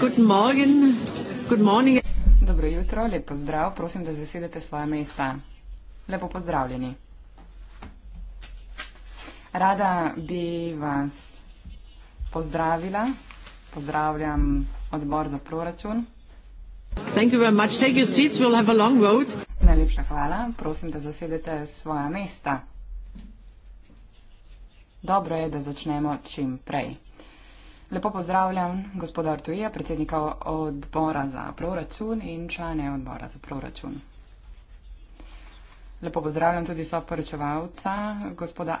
Guten Morgen. Guten Morgen. Dobro jutro, lep pozdrav, prosim, da zasedete svoje mesta. Lepo pozdravljeni. Rada bi vas pozdravila. Pozdravljam odbor za proračun. Thank you very much. Take your seats. We'll have a long road. Najlepša hvala. Prosim, da zasedete svoja mesta dobro je, da začnemo čim prej. Lepo pozdravljam gospoda Artuija, predsednika odbora za proračun in člane odbora za proračun. Lepo pozdravljam tudi soporočevalca gospoda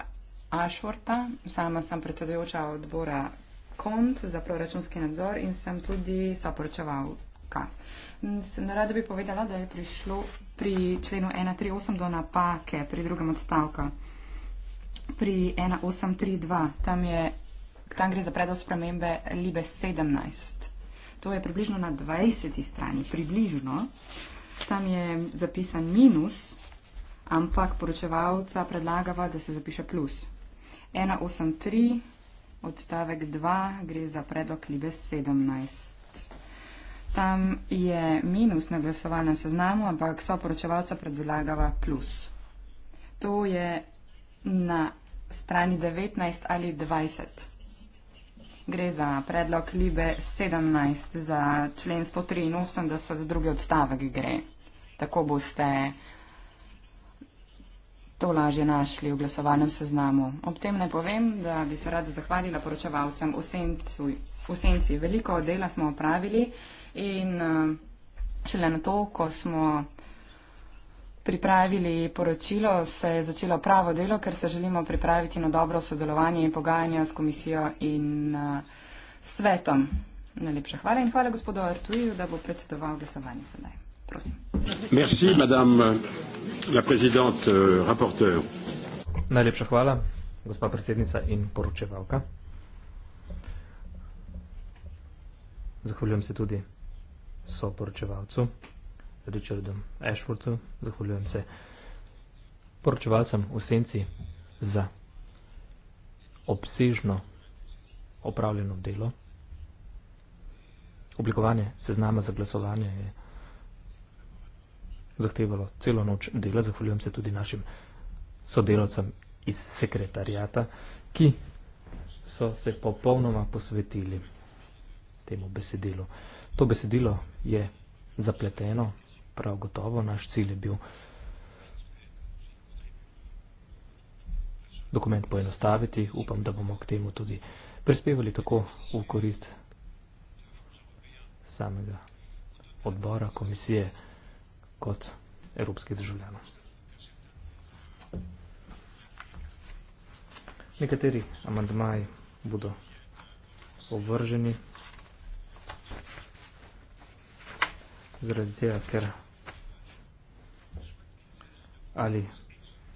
Ashworta. Sama sem predsedujoča odbora KONT za proračunski nadzor in sem tudi soporočevalka. Narada bi povedala, da je prišlo pri členu 138 do napake pri drugem odstavku pri 1832, tam, je, tam gre za predlog spremembe Libe 17. To je približno na 20. strani, približno. Tam je zapisan minus, ampak poročevalca predlagava, da se zapiše plus. 1.8.3 odstavek 2 gre za predlog Libe 17. Tam je minus na glasovalnem seznamu, ampak soporočevalca predlagava plus. To je na strani 19 ali 20. Gre za predlog Libe 17, za člen 183, za drugi odstavek gre. Tako boste to lažje našli v glasovalnem seznamu. Ob tem ne povem, da bi se rada zahvalila poročevalcem v, v senci. Veliko dela smo opravili in šele na to, ko smo pripravili poročilo, se je začelo pravo delo, ker se želimo pripraviti na dobro sodelovanje in pogajanja s komisijo in uh, svetom. Najlepša hvala in hvala gospodu Artuju, da bo predsedoval glasovanju sedaj. Prosim. Merci, madame euh, la présidente, euh, rapporteur. Najlepša hvala, gospa predsednica in poročevalka. Zahvaljujem se tudi soporočevalcu. Richardom Ashfordom, zahvaljujem se poročevalcem v senci za obsežno opravljeno delo. Oblikovanje seznama za glasovanje je zahtevalo celo noč dela. Zahvaljujem se tudi našim sodelovcem iz sekretarijata, ki so se popolnoma posvetili temu besedilu. To besedilo je zapleteno, prav gotovo naš cilj je bil dokument poenostaviti. Upam, da bomo k temu tudi prispevali tako v korist samega odbora, komisije kot evropskih državljanov. Nekateri amandmaji bodo obvrženi. zaradi tega, ker ali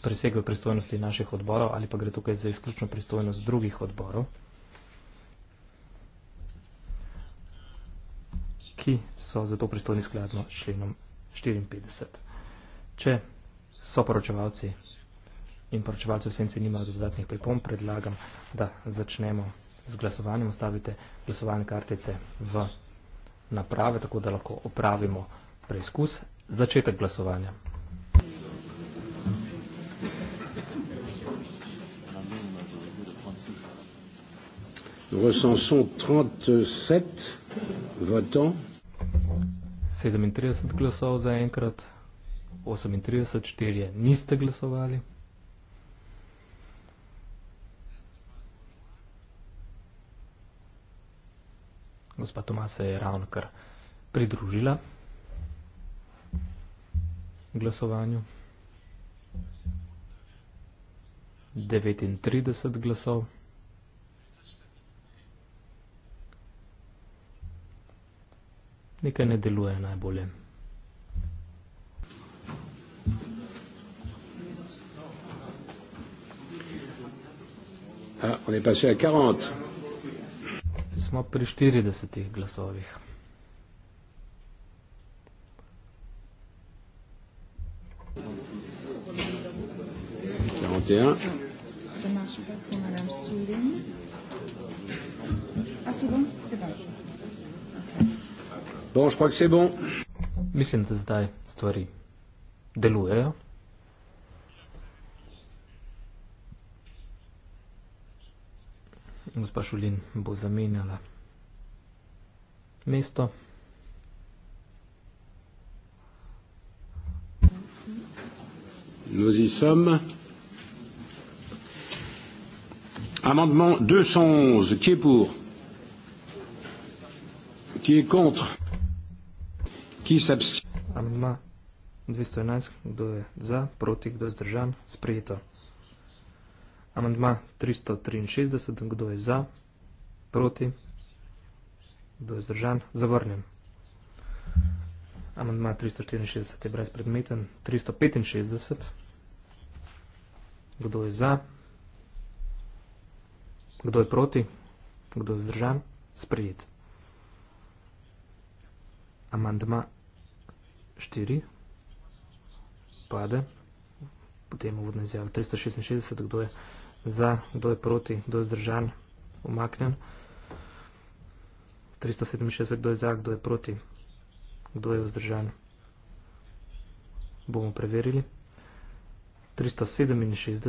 presegajo pristojnosti naših odborov, ali pa gre tukaj za izključno pristojnost drugih odborov, ki so zato pristojni skladno s členom 54. Če so poročevalci in poročevalci v senci nimajo dodatnih pripomb, predlagam, da začnemo z glasovanjem. Ostavite glasovalne kartice v naprave, tako da lahko opravimo preizkus začetek glasovanja. Recensons 37 votants. 37 glasov zaenkrat, 38 niste glasovali. gospa Toma se je ravno kar pridružila glasovanju. 39 glasov. Nekaj ne deluje najbolje. Ah, on est passé à 40 smo pri 40 glasovih. Ah, bon, je crois que c'est bon. Mislim, da zdaj stvari delujejo. gospa Šulin bo zamenjala mesto. Nous y sommes. Amendement 211, qui est pour Qui est contre Qui s'abstient Amendement 211, qui est pour Qui est contre Amandma 363, kdo je za, proti, kdo je zdržan, zavrnjen. Amandma 364 je brezpredmeten. 365, kdo je za, kdo je proti, kdo je zdržan, sprejet. Amandma 4 pade, potem uvodna izjava 366, kdo je zdržan za, kdo je proti, kdo je zdržan, umaknjen. 367, kdo je za, kdo je proti, kdo je vzdržan, bomo preverili. 367,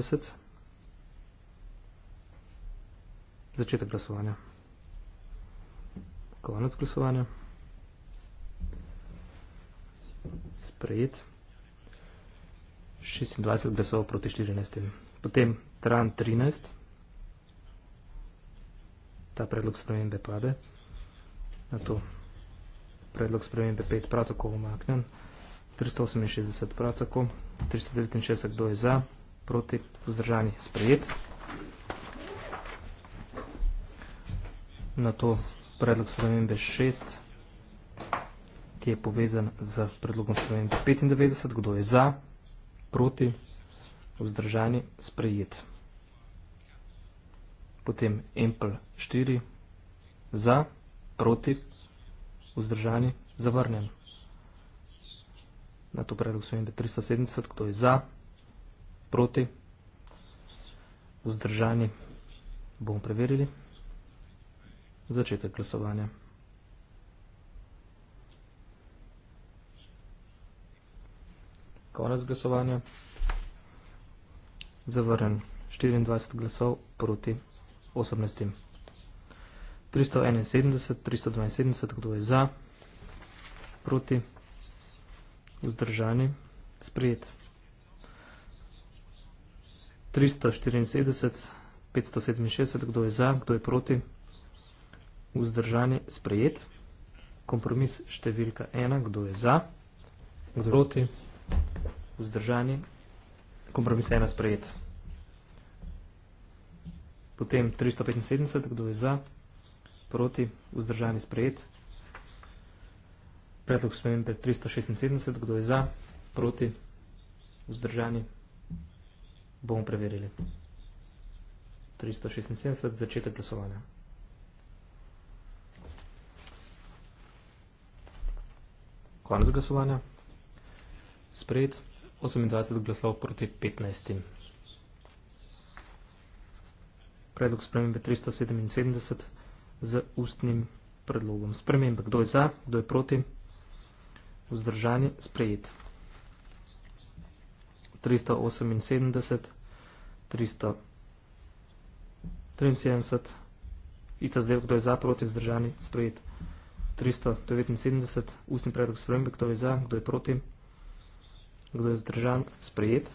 začetek glasovanja. Konec glasovanja. Sprejet. 26 glasov proti 14. Potem stran 13, ta predlog spremembe pade, na to predlog spremembe 5 prav tako omaknjen, 368 prav tako, 369 kdo je za, proti, vzdržani, sprejet. Na to predlog spremembe 6, ki je povezan z predlogom spremembe 95, kdo je za, proti, vzdržani, sprejet potem Apple 4, za, proti, vzdržani, zavrnjen. Na to predlog so imeli 370, kdo je za, proti, vzdržani, bomo preverili, začetek glasovanja. Konec glasovanja, zavrnjen 24 glasov proti 18. 371, 372, kdo je za, proti, vzdržani, sprejet. 374, 567, kdo je za, kdo je proti, vzdržani, sprejet. Kompromis številka 1, kdo je za, kdo je proti, vzdržani, kompromis 1, sprejet. Potem 375, kdo je za, proti, vzdržani sprejet. Predlog spremembe 376, kdo je za, proti, vzdržani, bomo preverili. 376, začetek glasovanja. Konec glasovanja. Sprejet 28 glasov proti 15 predlog spremembe 377 z ustnim predlogom spremembe. Kdo je za, kdo je proti? Vzdržani sprejet. 378, 373, ista zdaj, kdo je za, proti, vzdržani sprejet. 379, ustni predlog spremembe, kdo je za, kdo je proti, kdo je vzdržan, sprejet.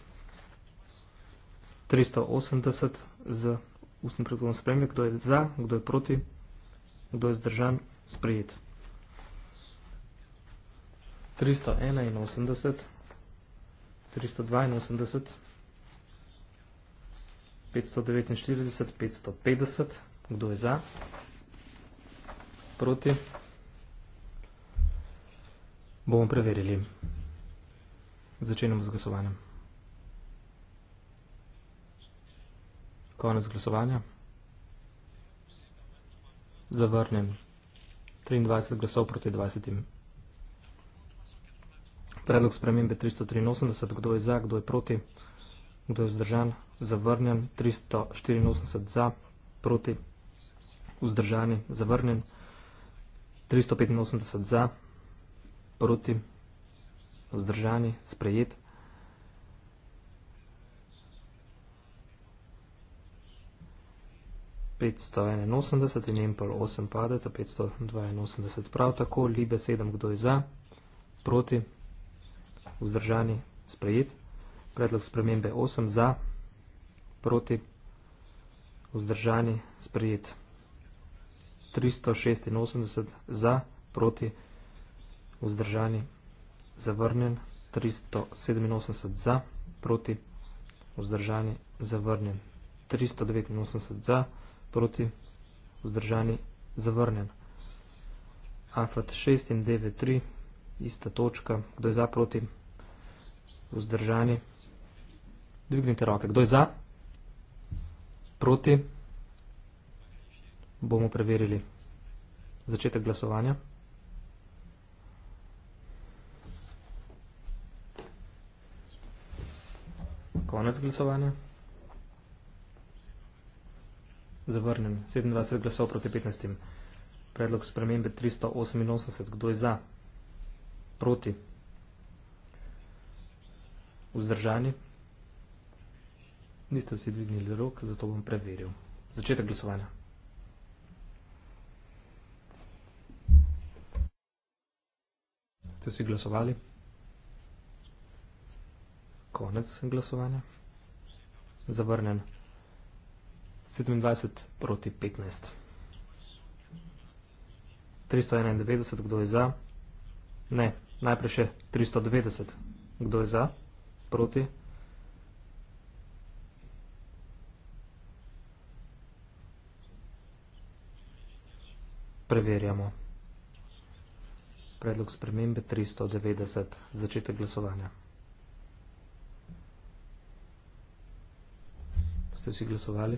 380 z ustno predhodno spremlje, kdo je za, kdo je proti, kdo je zdržan, sprejet. 381, 382, 549, 550, kdo je za, proti, bomo preverili. Začenjamo z glasovanjem. Konec glasovanja. Zavrnjen. 23 glasov proti 20. Predlog spremembe 383. Kdo je za, kdo je proti, kdo je vzdržan? Zavrnjen. 384 za, proti, vzdržani. Zavrnjen. 385 za, proti, vzdržani. Sprejet. 581 in Impel 8 padeta, 582 prav tako, Libe 7, kdo je za, proti, vzdržani, sprejet, predlog spremembe 8 za, proti, vzdržani, sprejet, 386 za, proti, vzdržani, zavrnjen, 387 za, proti, vzdržani, zavrnjen, 389 za, proti vzdržani zavrnjen. Afat 6 in 9, 3, ista točka, kdo je za proti vzdržani. Dvignite roke, kdo je za proti, bomo preverili začetek glasovanja. Konec glasovanja zavrnjen. 27 glasov proti 15. Predlog spremembe 388. Kdo je za? Proti? Vzdržani? Niste vsi dvignili rok, zato bom preveril. Začetek glasovanja. Ste vsi glasovali? Konec glasovanja? Zavrnjen. 27 proti 15. 391, kdo je za? Ne, najprej še 390, kdo je za? Proti? Preverjamo. Predlog spremembe 390, začetek glasovanja. Ste vsi glasovali?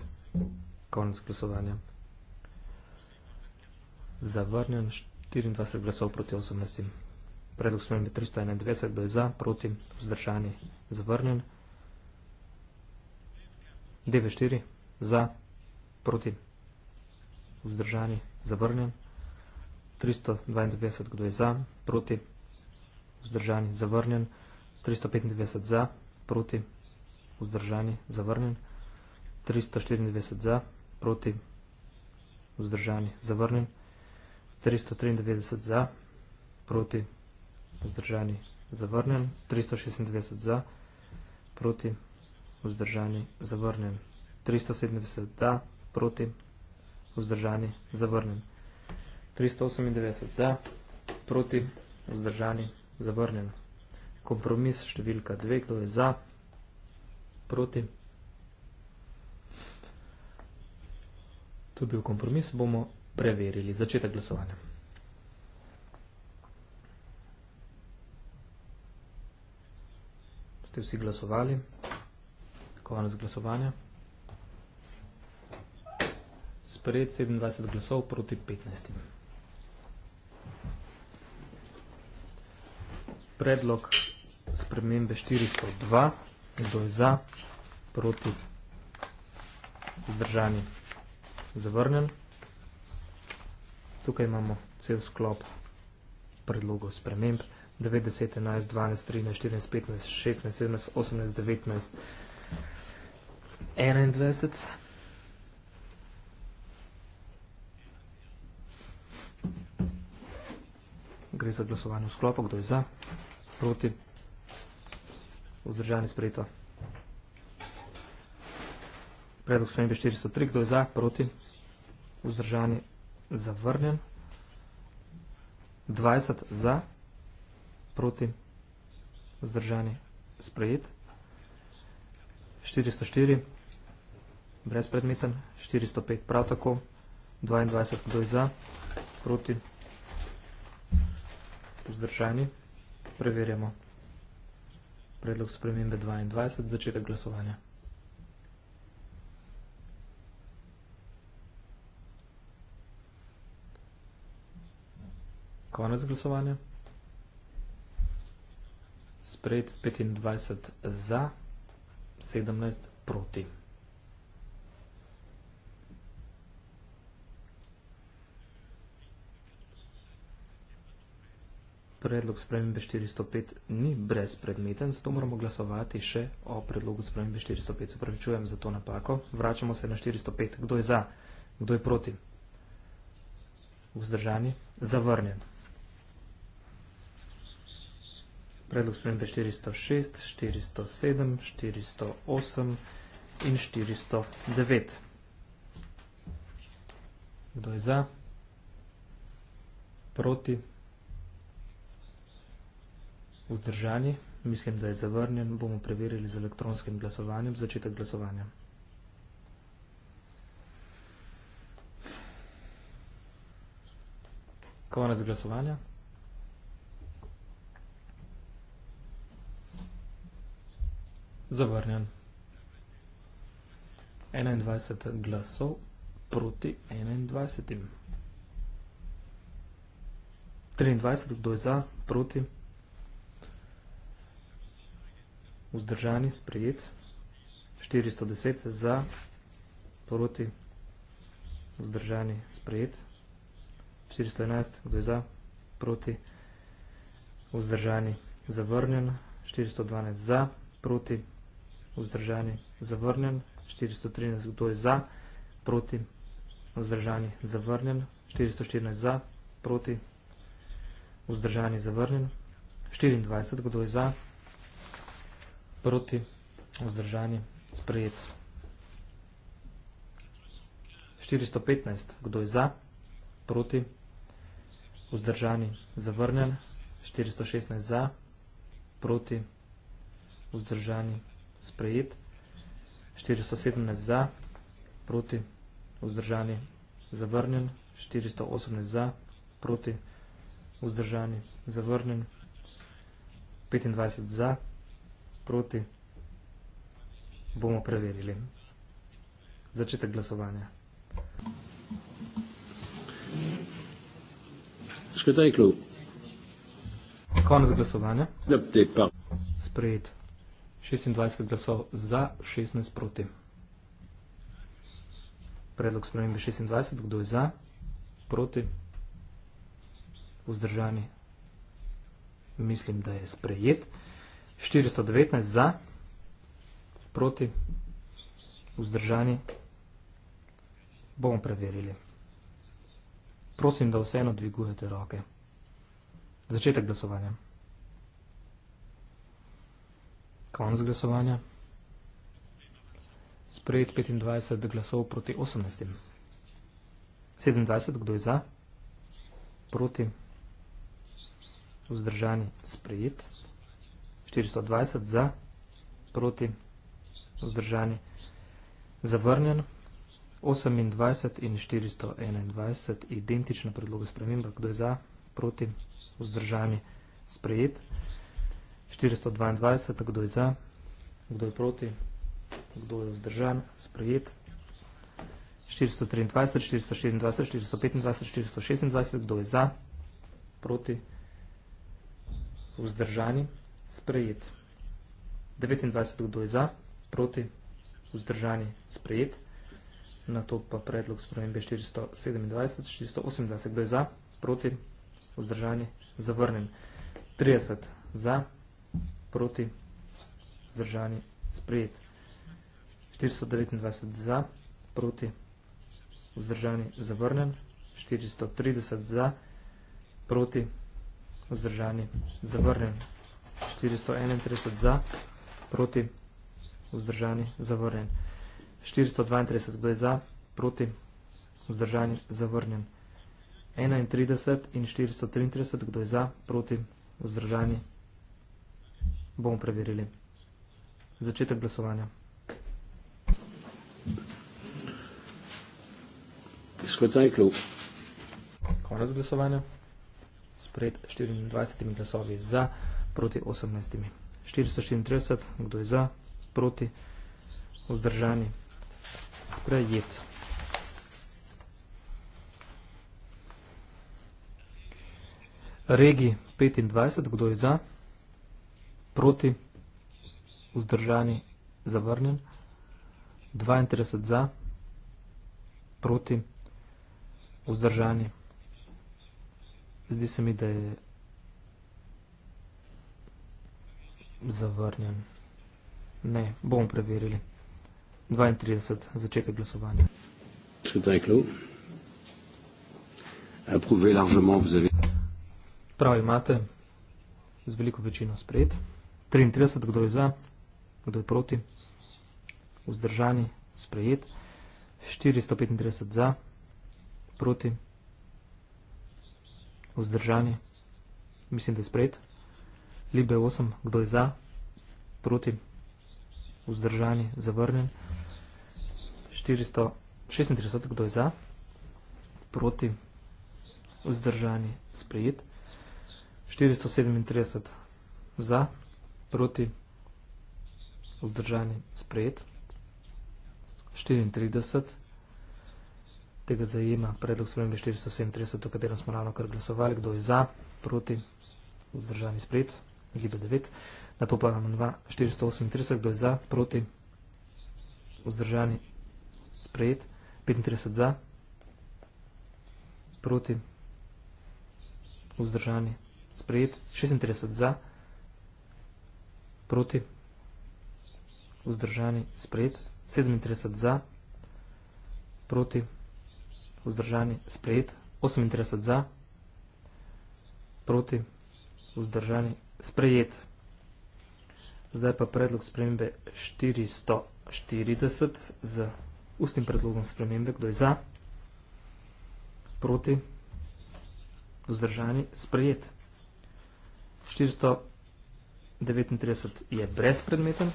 Konec glasovanja. Zavrnjen 24 glasov proti 18. Predlog smembe 391, kdo je za, proti, vzdržani, zavrnjen. 94, za, proti, vzdržani, zavrnjen. 392, kdo je za, proti, vzdržani, zavrnjen. 395, za, proti, vzdržani, zavrnjen. 394 za, proti, vzdržani, zavrnjen. 393 za, proti, vzdržani, zavrnjen. 396 za, proti, vzdržani, zavrnjen. 397 za, proti, vzdržani, zavrnjen. 398 za, proti, vzdržani, zavrnjen. Kompromis številka 2, kdo je za, proti, vzdržani, zavrnjen. To je bil kompromis, bomo preverili začetek glasovanja. Ste vsi glasovali? Konec glasovanja. Spred 27 glasov proti 15. Predlog spremembe 402. Kdo je za? Proti? Zdržani zavrnjen. Tukaj imamo cel sklop predlogov sprememb 90, 11, 12, 13, 14, 15, 16, 17, 18, 19, 21. Gre za glasovanje v sklopu, kdo je za, proti, vzdržani sprejeto. Predlog sprejembe 403, kdo je za, proti, vzdržani, zavrnjen. 20 za, proti, vzdržani, sprejet. 404, brezpredmeten. 405, prav tako. 22, kdo je za, proti, vzdržani. Preverjamo predlog spremembe 22, začetek glasovanja. Konec glasovanja. Sprejet 25 za, 17 proti. Predlog spremembe 405 ni brezpredmeten, zato moramo glasovati še o predlogu spremembe 405. Se pravičujem za to napako. Vračamo se na 405. Kdo je za? Kdo je proti? Vzdržani? Zavrnjen. predlog spremembe 406, 407, 408 in 409. Kdo je za? Proti? Vzdržani? Mislim, da je zavrnjen. Bomo preverili z elektronskim glasovanjem, začetek glasovanja. Konec glasovanja. zavrnjen. 21 glasov proti 21. 23, kdo je za, proti, vzdržani, sprejet, 410, za, proti, vzdržani, sprejet, 411, kdo je za, proti, vzdržani, zavrnjen, 412, za, proti, vzdržani, vzdržani, zavrnjen, 413, kdo je za, proti, vzdržani, zavrnjen, 414 za, proti, vzdržani, zavrnjen, 24, kdo je za, proti, vzdržani, sprejet. 415, kdo je za, proti, vzdržani, zavrnjen, 416 za, proti, vzdržani, zavrnjen sprejet, 417 za, proti, vzdržani, zavrnjen, 418 za, proti, vzdržani, zavrnjen, 25 za, proti, bomo preverili. Začetek glasovanja. Škoda je klub. Konec glasovanja. Sprejet. 26 glasov za, 16 proti. Predlog spremembe 26, kdo je za, proti, vzdržani, mislim, da je sprejet. 419 za, proti, vzdržani, bomo preverili. Prosim, da vseeno dvigujete roke. Začetek glasovanja. Konc glasovanja. Sprejet 25 glasov proti 18. 27, kdo je za? Proti. Vzdržani sprejet. 420 za, proti, vzdržani, zavrnjen, 28 in 421, identična predloga sprememba, kdo je za, proti, vzdržani, sprejet. 422, kdo je za, kdo je proti, kdo je vzdržan, sprejet. 423, 424, 425, 426, kdo je za, proti, vzdržani, sprejet. 29, kdo je za, proti, vzdržani, sprejet. Na to pa predlog spremembe 427, 428, kdo je za, proti, vzdržani, zavrnen. 30 za, proti, zdržani, sprejet. 429 za, proti, vzdržani, zavrnen. 430 za, proti, vzdržani, zavrnen. 431 za, proti, vzdržani, zavrnen. 432 kdo je za, proti, vzdržani, zavrnen. 31 in 433 kdo je za, proti, vzdržani, zavrnen bomo preverili. Začetek glasovanja. Skočajklub. Konec glasovanja. Spred 24 glasovi za, proti 18. 434, kdo je za, proti, vzdržani, sprejet. Regi 25, kdo je za, Proti, vzdržani, zavrnjen. 32 za, proti, vzdržani. Zdi se mi, da je zavrnjen. Ne, bomo preverili. 32, začetek glasovanja. Prav imate, z veliko večino sprejeti. 33, kdo je za, kdo je proti, vzdržani, sprejet, 435 za, proti, vzdržani, mislim, da je sprejet, Libe 8, kdo je za, proti, vzdržani, zavrnen, 436, kdo je za, proti, vzdržani, sprejet, 437 za, proti, proti, obdržani, sprejet. 34. Tega zajema predlog spremembe 437, o katerem smo ravno kar glasovali, kdo je za, proti, vzdržani spred, gibe 9. Na to pa imamo 438, kdo je za, proti, vzdržani spred, 35 za, proti, vzdržani spred, 36 za, Против? Воздържани? Спред? 7 за? Против? Воздържани? Спред? 8 интересът за? Против? Воздържани? Спред? Зай па предлог с премимбе 440 за устним предлогом с премимбе, кдо е за? Против? Воздържани? Спред? 440 39 je brezpredmeten,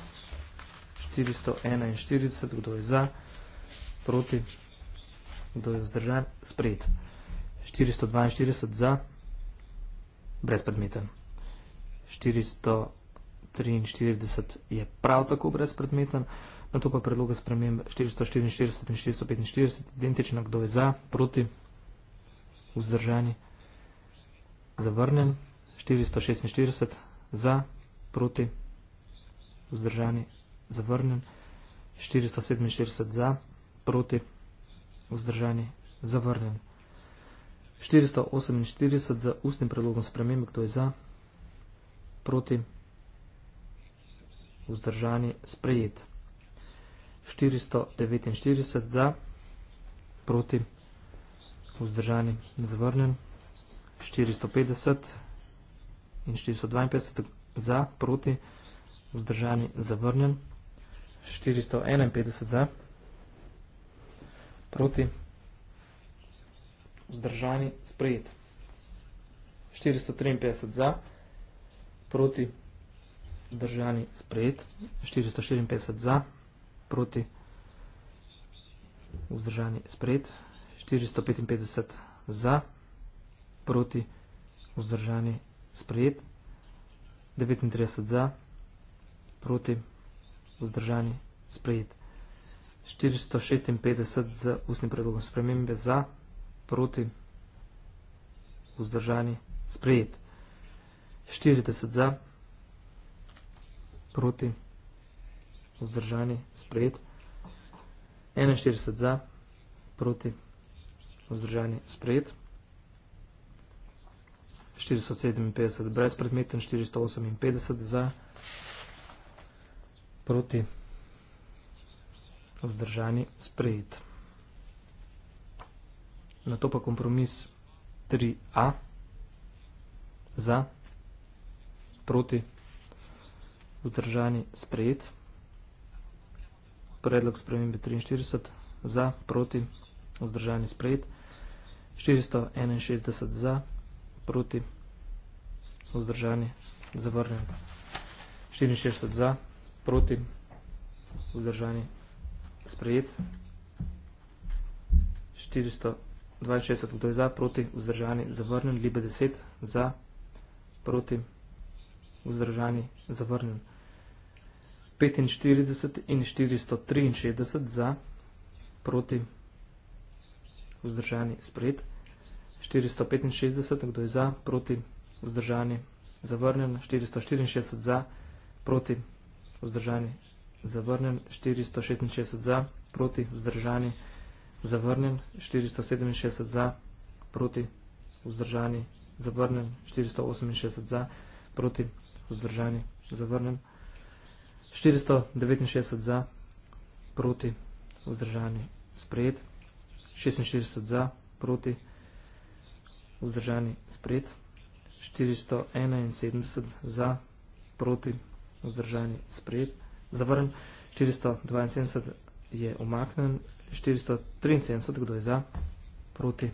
441, kdo je za, proti, kdo je vzdržan, sprejet. 442 za, brezpredmeten. 443 je prav tako brezpredmeten, na to pa predloga spremem 444 in 445, identična, kdo je za, proti, vzdržani, zavrnjen, 446 za, proti, vzdržani, zavrnjen, 447 za, proti, vzdržani, zavrnjen. 448 za ustnim predlogom spremembe, kdo je za, proti, vzdržani, sprejet. 449 za, proti, vzdržani, zavrnjen. 450 in 452 za, proti, vzdržani, zavrnjen, 451 za, proti, vzdržani, sprejet, 453 za, proti, vzdržani, sprejet, 454 za, proti, vzdržani, sprejet, 455 za, proti, vzdržani, sprejet, 39 za, proti, vzdržani, sprejet. 456 z ustnim predlogom spremembe za, proti, vzdržani, sprejet. 40 za, proti, vzdržani, sprejet. 41 za, proti, vzdržani, sprejet. 457 brezpredmeten, 458 za, proti, vzdržani, sprejet. Na to pa kompromis 3a za, proti, vzdržani, sprejet. Predlog spremembe 43 za, proti, vzdržani, sprejet. 461 za, proti, vzdržani, zavrnjen. 64 za, proti, vzdržani, sprejet. 462 kdo je za, proti, vzdržani, zavrnjen, libe 10 za, proti, vzdržani, zavrnjen. 45 in 463 za, proti, vzdržani, sprejet. 465, kdo je za, proti, vzdržani, zavrnjen, 464 za, proti, vzdržani, zavrnjen, 466 za, proti, vzdržani, zavrnjen, 467 za, proti, vzdržani, zavrnjen, 468 za, proti, vzdržani, zavrnjen, 469 za, proti, vzdržani, sprejet, 46 za, proti, vzdržani, vzdržani, spred, 471 za, proti, vzdržani, spred, zavrn, 472 je omaknen, 473, kdo je za, proti,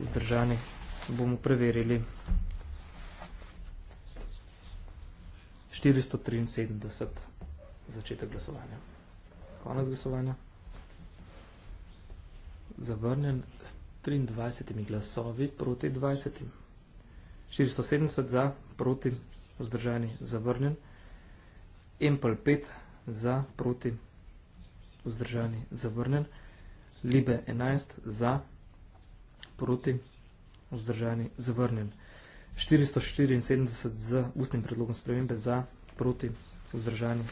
vzdržani, bomo preverili, 473 začetek glasovanja. Konec glasovanja. Zavrnjen 23 glasovi proti 20. 470 za, proti, vzdržani, zavrnjen. Empel 5 za, proti, vzdržani, zavrnjen. Libe 11 za, proti, vzdržani, zavrnjen. 474 z ustnim predlogom spremembe za, proti, vzdržani,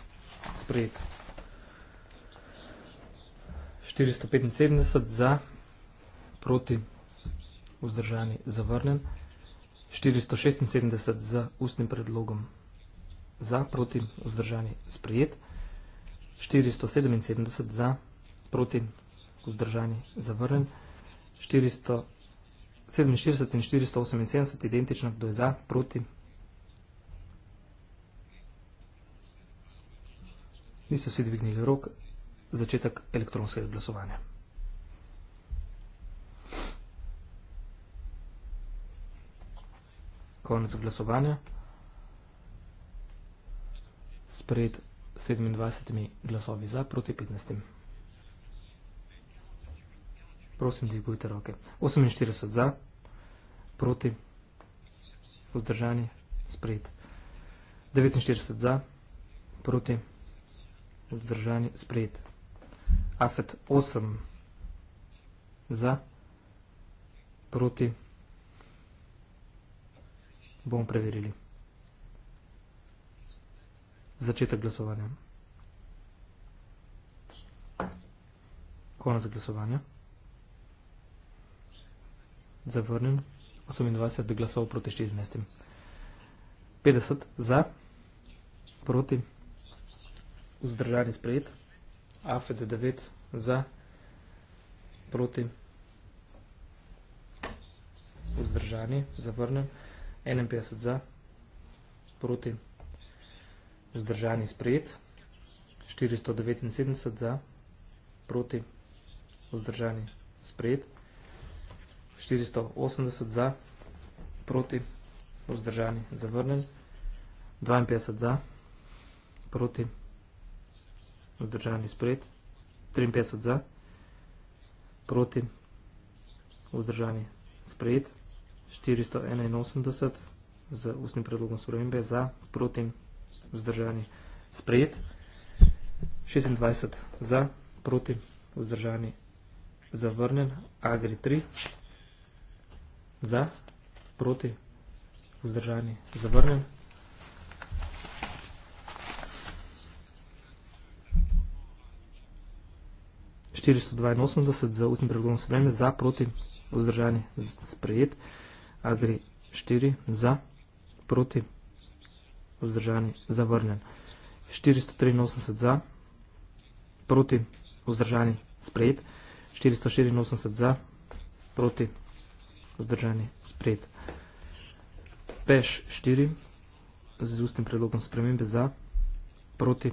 sprejet. 475 za, proti, vzdržani, zavrnjen. 476 za ustnim predlogom za, proti, vzdržani, sprejet. 477 za, proti, vzdržani, zavrnjen. 47 in 478 identična, kdo je za, proti. Niso vsi dvignili rok, začetek elektronskega glasovanja. konec glasovanja. Spred 27 glasovi za, proti 15. Prosim, dvigujte roke. 48 za, proti, vzdržani, spred. 49 za, proti, vzdržani, spred. Afet 8 za, proti, vzdržani. Bomo preverili. Začetek glasovanja. Konec glasovanja. Zavrnjen. 28 glasov proti 14. 50 za, proti, vzdržani sprejet. AFD 9 za, proti, vzdržani, zavrnjen. 51 za, proti, vzdržani sprejet, 479 za, proti, vzdržani sprejet, 480 za, proti, vzdržani zavrnen, 52 za, proti, vzdržani sprejet, 53 za, proti, vzdržani sprejet, 481 z ustnim predlogom sorovimbe za proti vzdržanje sprejet, 26 za proti vzdržanje zavrnen, agri 3 za proti vzdržanje zavrnen. 482 za ustni predlogom spremljen, za proti vzdržanje sprejet, 26 a gre 4 za, proti, vzdržani, zavrnen. 483 za, proti, vzdržani, sprejet. 484 za, proti, vzdržani, sprejet. Peš 4, z ustnim predlogom spremembe za, proti,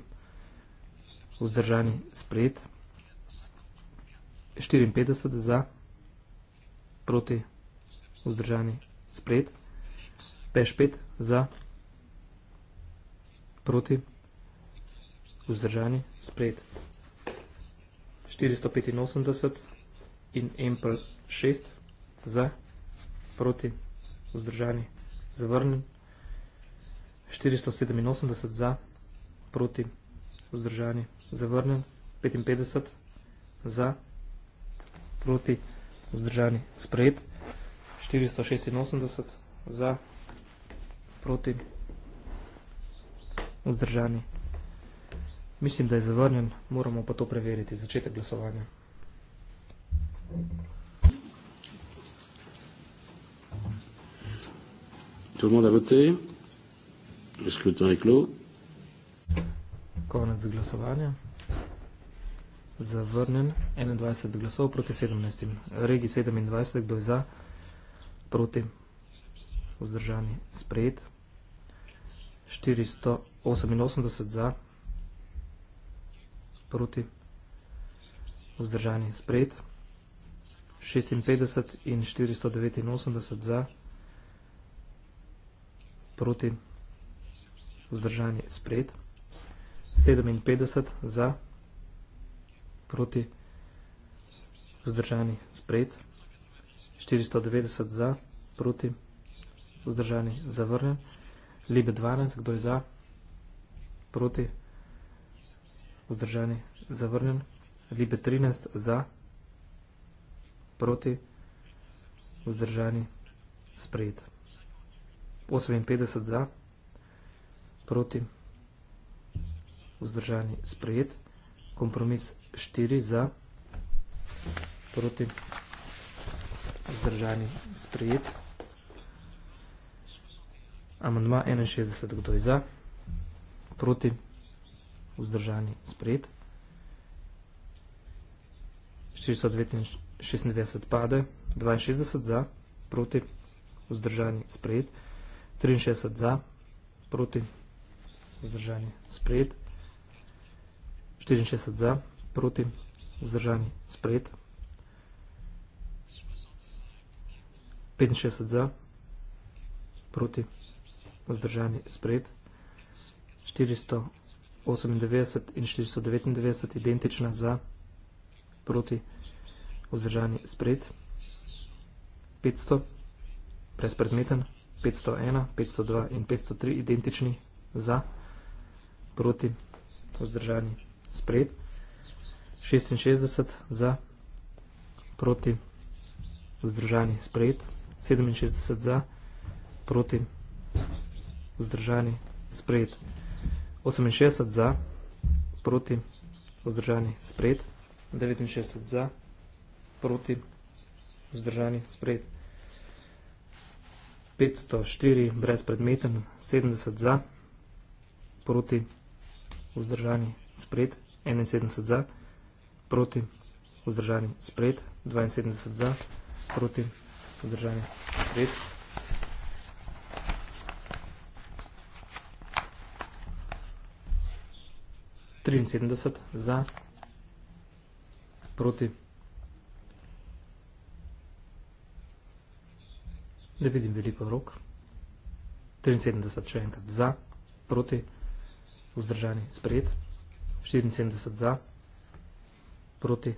vzdržani, sprejet. 54 za, proti, vzdržani, sprejet. Vzdržani spred. Peš pet za. Proti. Vzdržani spred. 485 in empel 6 za, proti, vzdržani, zavrnen, 487 za, proti, vzdržani, zavrnen, 55 za, proti, vzdržani, sprejet. 486 za, proti, vzdržani. Mislim, da je zavrnjen, moramo pa to preveriti, začetek glasovanja. Tout le monde a voté. Le scrutin est clos. Konec glasovanja. Zavrnjen. 21 glasov proti 17. Regi 27 kdo je za, proti, vzdržani, sprejet, 488 za, proti, vzdržani, sprejet, 56 in 489 za, proti, vzdržani, sprejet, 57 za, proti, vzdržani, sprejet, 490 za, proti, vzdržani, zavrnjen. Libe 12, kdo je za, proti, vzdržani, zavrnjen. Libe 13 za, proti, vzdržani, sprejet. 58 za, proti, vzdržani, sprejet. Kompromis 4 za, proti, vzdržani vzdržani sprejet. Amandma 61, kdo je za? Proti? Vzdržani sprejet. 496 pade, 62 za, proti, vzdržani sprejet, 63 za, proti, vzdržani sprejet, 64 za, proti, vzdržani sprejet. 65 za, proti, vzdržani, sprejet. 498 in 499 identična za, proti, vzdržani, sprejet. 500, brezpredmeten. 501, 502 in 503 identični za, proti, vzdržani, sprejet. 66 za, proti, vzdržani, sprejet. 67 za, proti, vzdržani, sprejet. 68 za, proti, vzdržani, sprejet. 69 za, proti, vzdržani, sprejet. 504 brezpredmeten, 70 za, proti, vzdržani, sprejet. 71 za, proti, vzdržani, sprejet. 72 za, proti, vzdržani, sprejet podržanje. Res. Trinsedemdeset za, proti. Ne vidim veliko rok. Trinsedemdeset še enkrat za, proti. Vzdržani spred. Štirinsedemdeset za, proti. Vzdržani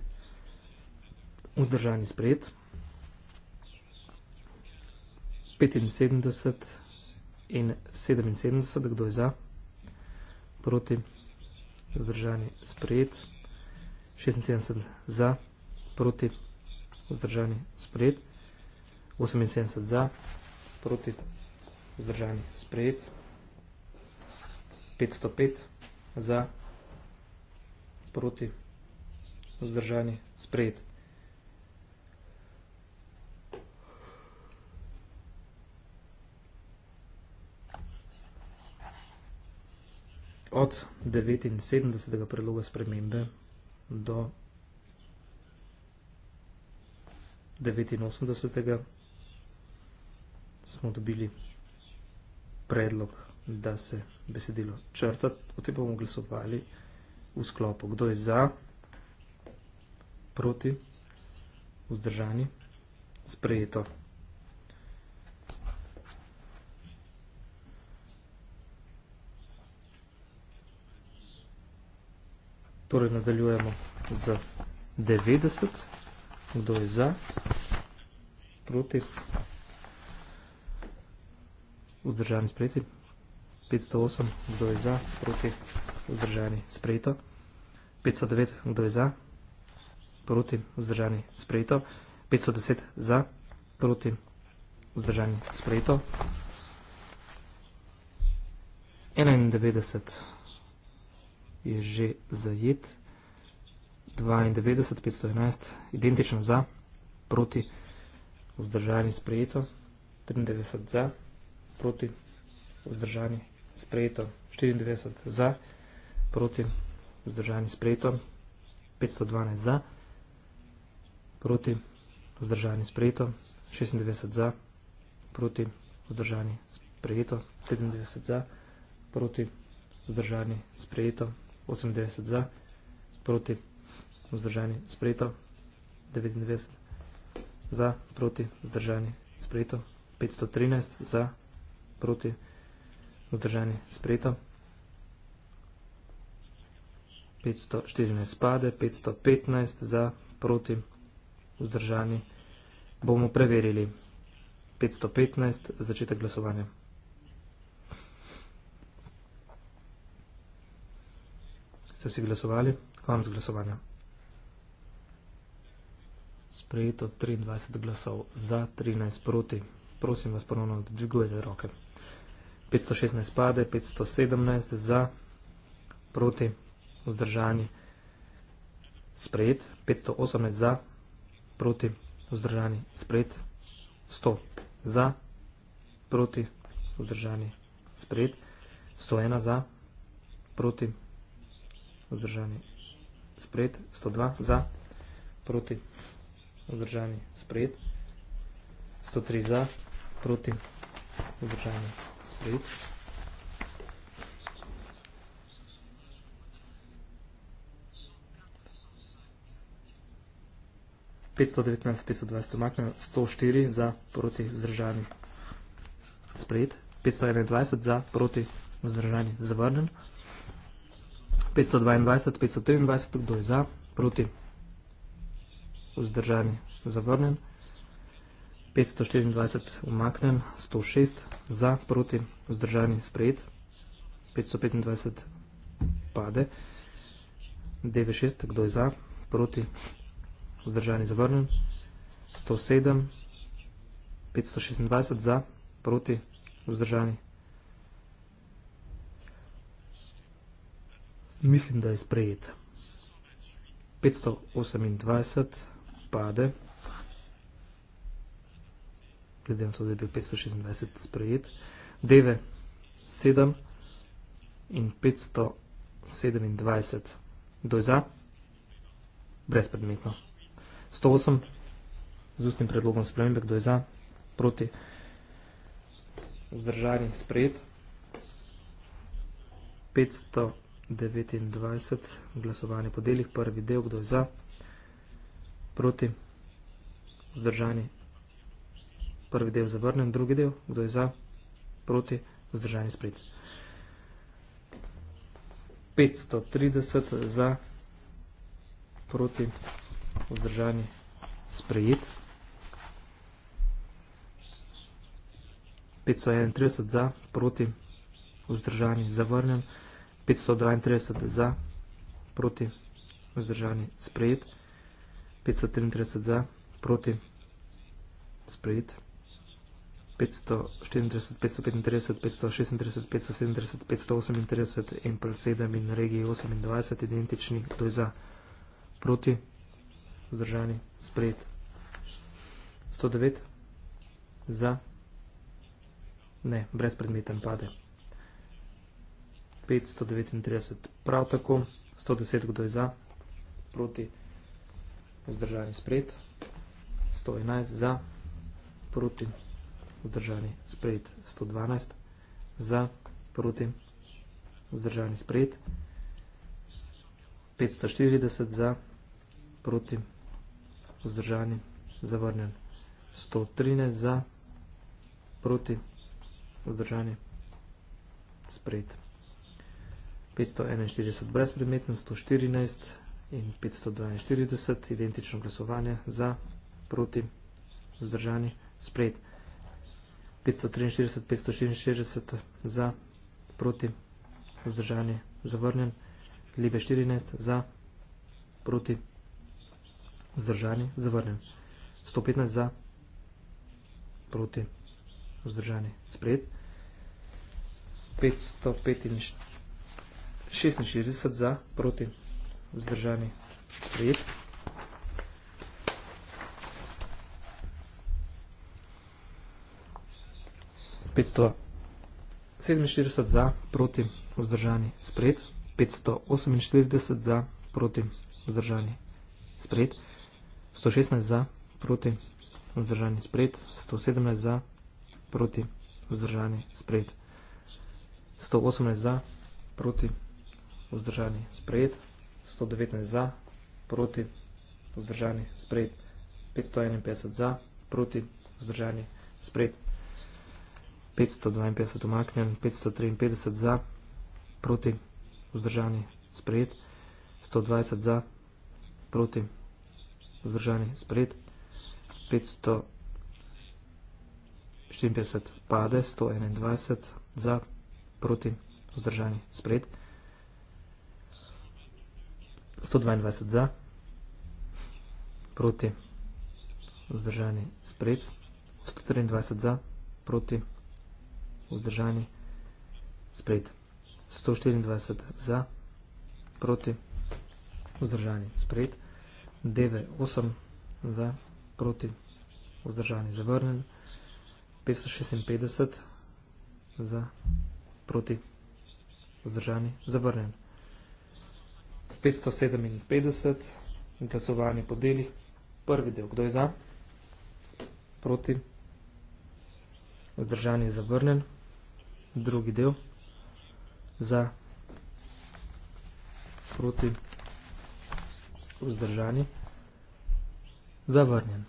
spred. Vzdržani spred. 75 in 77, kdo je za, proti, vzdržani, sprejet, 76 za, proti, vzdržani, sprejet, 78 za, proti, vzdržani, sprejet, 505 za, proti, vzdržani, sprejet. od 79. predloga spremembe do 89. smo dobili predlog, da se besedilo črta. O tem bomo glasovali v sklopu. Kdo je za, proti, vzdržani, sprejeto. Torej, nadaljujemo z 90. Kdo je za? Proti? Vzdržani sprejeti? 508. Kdo je za? Proti? Vzdržani sprejeto? 509. Kdo je za? Proti? Vzdržani sprejeto? 510. Za? Proti? Vzdržani sprejeto? 91 je že zajet. 92, 511, identično za, proti, vzdržani sprejeto. 93 za, proti, vzdržani sprejeto. 94 za, proti, vzdržani sprejeto. 512 za, proti, vzdržani sprejeto. 96 za, proti, vzdržani sprejeto. 97 za, proti, vzdržani sprejeto. 98 za, proti, vzdržani, sprejeto, 99 za, proti, vzdržani, sprejeto, 513 za, proti, vzdržani, sprejeto, 514 spade, 515 za, proti, vzdržani, bomo preverili, 515 začetek glasovanja. ste si glasovali, konc glasovanja. Sprejeto 23 glasov za, 13 proti. Prosim vas ponovno, da dvigujete roke. 516 pade, 517 za, proti, vzdržani. Sprejet, 518 za, proti, vzdržani. Sprejet, 100 za, proti, vzdržani. Sprejet, 101 za, proti, vzdržani. Održani. Sprejet. 102. Za. Proti. Održani. Sprejet. 103. Za. Proti. Održani. Sprejet. Petsto devetnaest, petsto dvajset omaknjeno, sto štiri za, proti, vzdržani, sprejet, petsto enaindvajset za, proti, vzdržani, zavrnen, petsto 522, 523, kdo je za, proti, vzdržani, zavrnen, 524, umaknen, 106, za, proti, vzdržani, sprejet, 525, pade, 96, kdo je za, proti, vzdržani, zavrnen, 107, 526, za, proti, vzdržani, vzdržani, mislim, da je sprejet. 528 pade, glede na to, da je bil 526 sprejet, deve 7 in 527 dojza, brezpredmetno. 108 z ustnim predlogom spremembe, kdo je za, proti, vzdržani, sprejet, 500 29, glasovanje po delih, prvi del, kdo je za, proti, vzdržani, prvi del zavrnen, drugi del, kdo je za, proti, vzdržani sprit. 530 za, proti, vzdržani sprejet. 531 za, proti, vzdržani zavrnen. 532 za, proti, vzdržani, sprejet, 533 za, proti, sprejet, 534, 535, 536, 537, 538 in pa 7 in regiji 28, identični, kdo je za, proti, vzdržani, sprejet, 109 za, ne, brez predmeten pade. 539 prav tako, 110 kdo je za, proti, vzdržani sprejet, 111 za, proti, vzdržani sprejet, 112 za, proti, vzdržani sprejet, 540 za, proti, vzdržani, zavrnjen, 113 za, proti, vzdržani, sprejet. 541 brezpredmeten, 114 in 542, identično glasovanje za, proti, zdržani, spred. 543, 564 za, proti, vzdržanje, zavrnjen. Libe 14 za, proti, vzdržanje, zavrnjen. 115 za, proti, vzdržanje, spred. 545, 46 za, proti, vzdržani, sprejet. Petsto 47 za, proti, vzdržani, sprejet. 548 za, proti, vzdržani, sprejet. 116 za, proti, vzdržani, sprejet. 117 za, proti, vzdržani, sprejet. 118 za, proti, vzdržani, sprejet vzdržani, sprejet, 119 za, proti, vzdržani, sprejet, 551 za, proti, vzdržani, sprejet, 552 omaknjen, 553 za, proti, vzdržani, sprejet, 120 za, proti, vzdržani, sprejet, 554 pade, 121 za, proti, vzdržani, sprejet, 122 za, proti, vzdržani, spred, 123 za, proti, vzdržani, spred, 124 za, proti, vzdržani, spred, 9, 8 za, proti, vzdržani, zavrnen, 556 za, proti, vzdržani, zavrnen. 557, glasovanje po delih, prvi del, kdo je za, proti, vzdržanje je zavrnen, drugi del, za, proti, vzdržanje, zavrnen.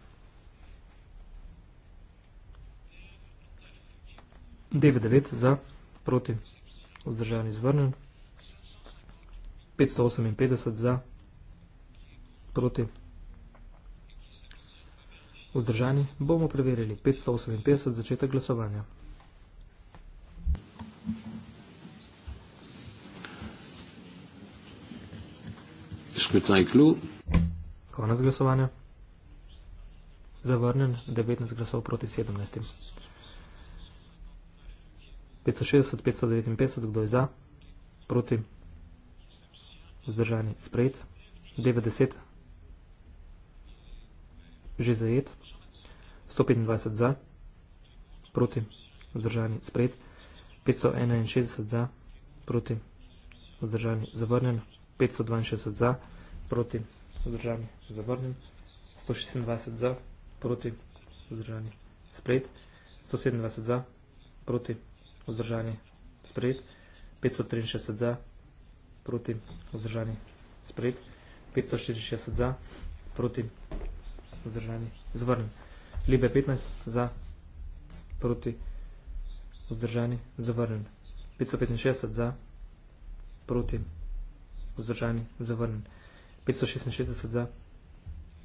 9-9 za, proti, vzdržanje je zavrnen. 558 za, proti, vzdržani, bomo preverili 558 začetek glasovanja. Skrtaj klu. Konec glasovanja. Zavrnen 19 glasov proti 17. 560, 559, kdo je za, proti vzdržani, sprejet, 90, že zajet, 125 za, proti, vzdržani, sprejet, 561 za, proti, vzdržani, zavrnen, 562 za, proti, vzdržani, zavrnen, 126 za, proti, vzdržani, sprejet, 127 za, proti, vzdržani, sprejet, 563 za, proti, proti, vzdržani, sprejet, 560 za, proti, vzdržani, zvrn. Libe 15 za, proti, vzdržani, zavrnen. 565 za, proti, vzdržani, zavrnen. 566 za,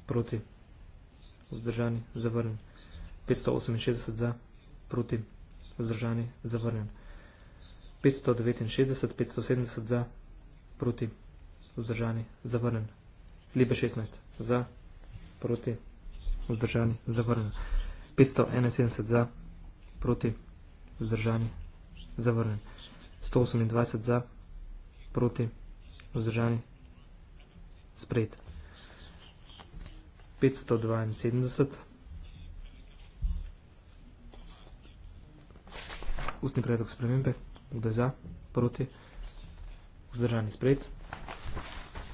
proti, vzdržani, zavrnen. 568 za, proti, vzdržani, zavrnen. 569, 570 za, proti, vzdržani, zavrnen. Libe 16, za, proti, vzdržani, zavrnen. 571 za, proti, vzdržani, zavrnen. 128 za, proti, vzdržani, sprejet. 572. Ustni predlog spremembe, kdo je za, proti, vzdržani. Vzdržani sprejet.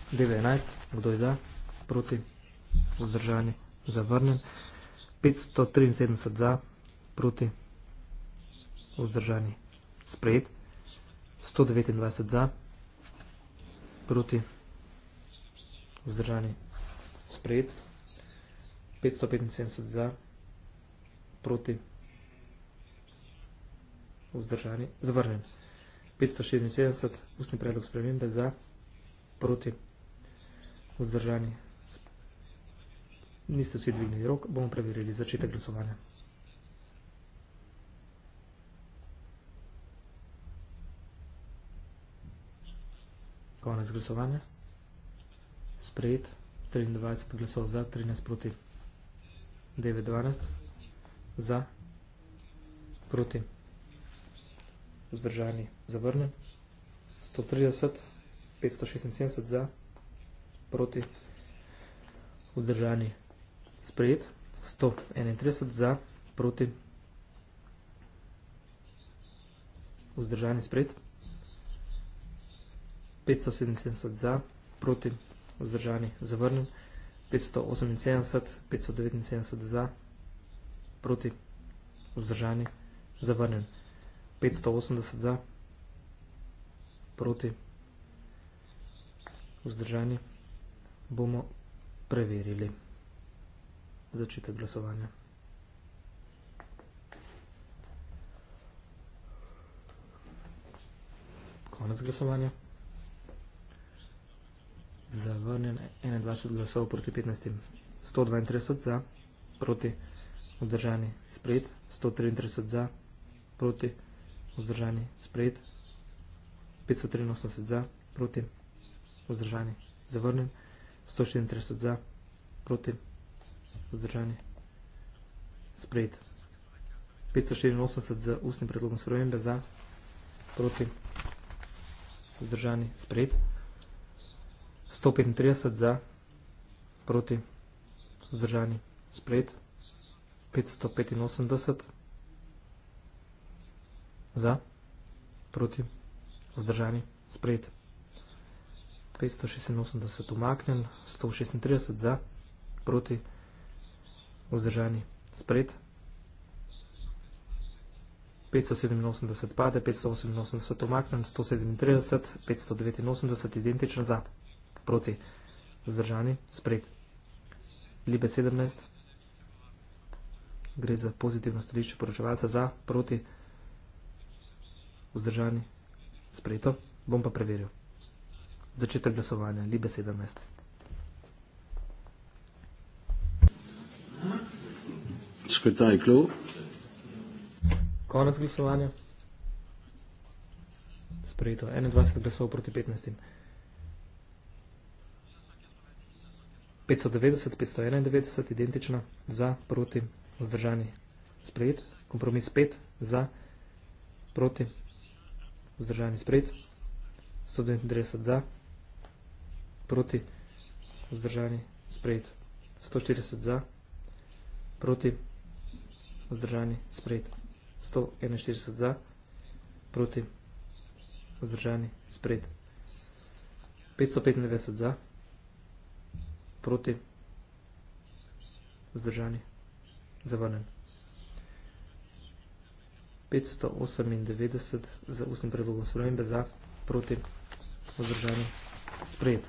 D11. Kdo je za? Proti. Vzdržani. Zavrnen. 573 za. Proti. Vzdržani. Sprejet. 129 za. Proti. Vzdržani. Sprejet. 575 za. Proti. Vzdržani. Zavrnen. Zavrnen. 576 ustni predlog spremembe za proti vzdržani. Niste vsi dvignili rok, bomo preverili začetek glasovanja. Konec glasovanja. Sprejet 23 glasov za, 13 proti 9, 12 za, proti 9 vzdržani, zavrne. 130, 576 za, proti, vzdržani, sprejet. 131 za, proti, vzdržani, sprejet. 577 za, proti, vzdržani, zavrnen, 578, 579 za, proti, vzdržani, zavrnen. 580 za, proti, vzdržani, bomo preverili začetek glasovanja. Konec glasovanja. Zavrnjen 21 glasov proti 15. 132 za, proti, vzdržani, sprejet, 133 za, proti, vzdržani. Vzdržani. Sprejet. 583 za. Proti. Vzdržani. Zavrnen. 134 za. Proti. Vzdržani. Sprejet. 584 za ustnim predlogom spremembe za. Proti. Vzdržani. Sprejet. 135 za. Proti. Vzdržani. Sprejet. 585 za za, proti, vzdržani, sprejeti. 586 umaknen, 136 za, proti, vzdržani, sprejeti. 587 pade, 588 umaknen, 137, 589 identično za, proti, vzdržani, sprejeti. Libe 17, gre za pozitivno stališče poročevalca za, proti, vzdržani, sprejeti vzdržani, sprejeto, bom pa preveril. Začetek glasovanja, li beseda mesta. Skretaj klub. Konec glasovanja. Sprejeto, 21 glasov proti 15. 590, 591, identično, za, proti, vzdržani, sprejet, kompromis 5, za, proti, Vzdržani spred. Student dresat za. Proti. Vzdržani spred. 140 za. Proti. Vzdržani spred. 141 za. Proti. Vzdržani spred. 595 za. Proti. Vzdržani. Zavrnen. 598 za ustno predlogo slovenbe za proti vzdržanje sprejeti.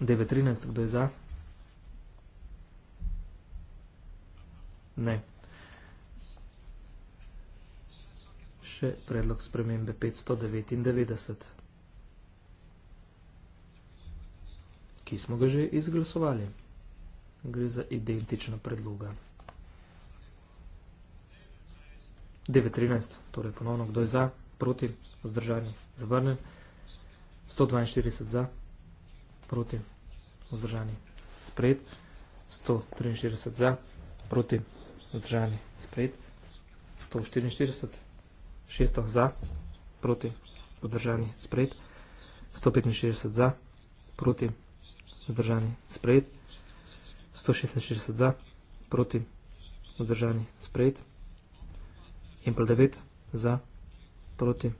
Deve 13, kdo je za? Ne. Še predlog spremembe 599, ki smo ga že izglasovali gre za identična predloga. 9.13, torej ponovno, kdo je za, proti, vzdržanje, zavrnen. 142 za, proti, vzdržanje, spred. 143 za, proti, vzdržanje, spred. 144, 600 za, proti, vzdržanje, spred. 165 za, proti, vzdržanje, spred. 166 za, proti, vzdržani, sprejet. In pa 9 za, proti,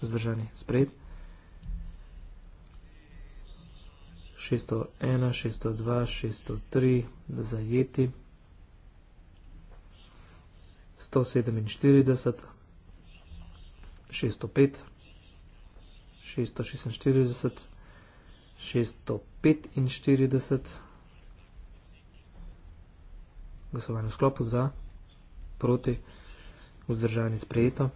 vzdržani, sprejet. 601, 602, 603, zajeti. 147, 605, 646, 645, glasovanje v sklopu za, proti, vzdržanje sprejeto.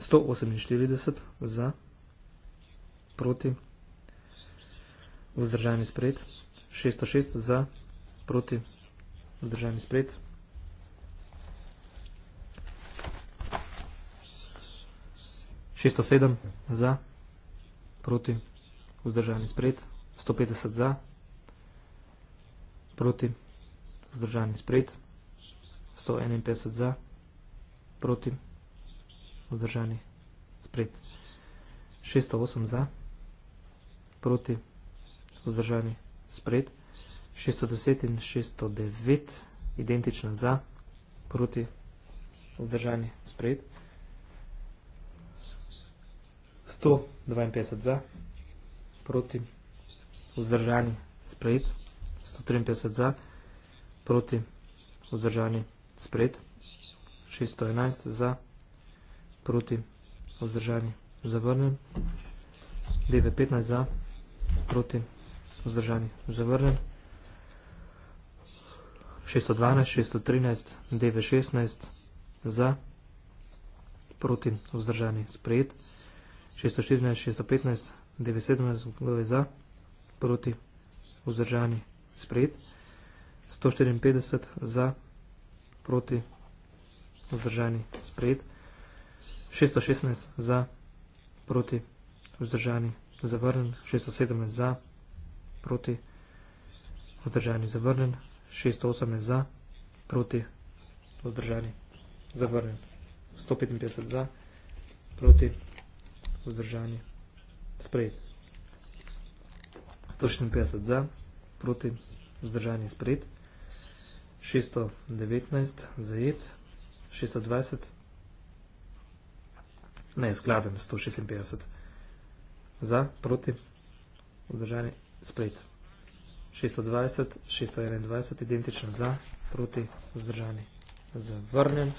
Sto oseminštirideset za, proti, vzdržanje sprejet, šesto šest za, proti, vzdržanje sprejet. Šesto sedem za, proti, vzdržanje sprejet vzdržani spred, 150 za, proti, vzdržani spred, 151 za, proti, vzdržani spred, 608 za, proti, vzdržani spred, 610 in 609, identična za, proti, vzdržani spred, 152 za, proti, vzdržani, sprejet, 153 za, proti, vzdržani, sprejet, 611 za, proti, vzdržani, zavrnen, 915 za, proti, vzdržani, zavrnen, 612, 613, 916 za, proti, vzdržani, sprejet, 614, 615 19 glave za, proti vzdržani sprejet, 154 za, proti vzdržani sprejet, 616 za, proti vzdržani zavrnen, 617 za, proti vzdržani zavrnen, 618 za, proti vzdržani zavrnen, 155 za, proti vzdržani zavrnen. Sprejet. 156 za, proti, vzdržanje sprejet. 619 zajet, 620 ne, skladen 156 za, proti, vzdržanje sprejet. 620, 621, identično za, proti, vzdržanje zavrnjen.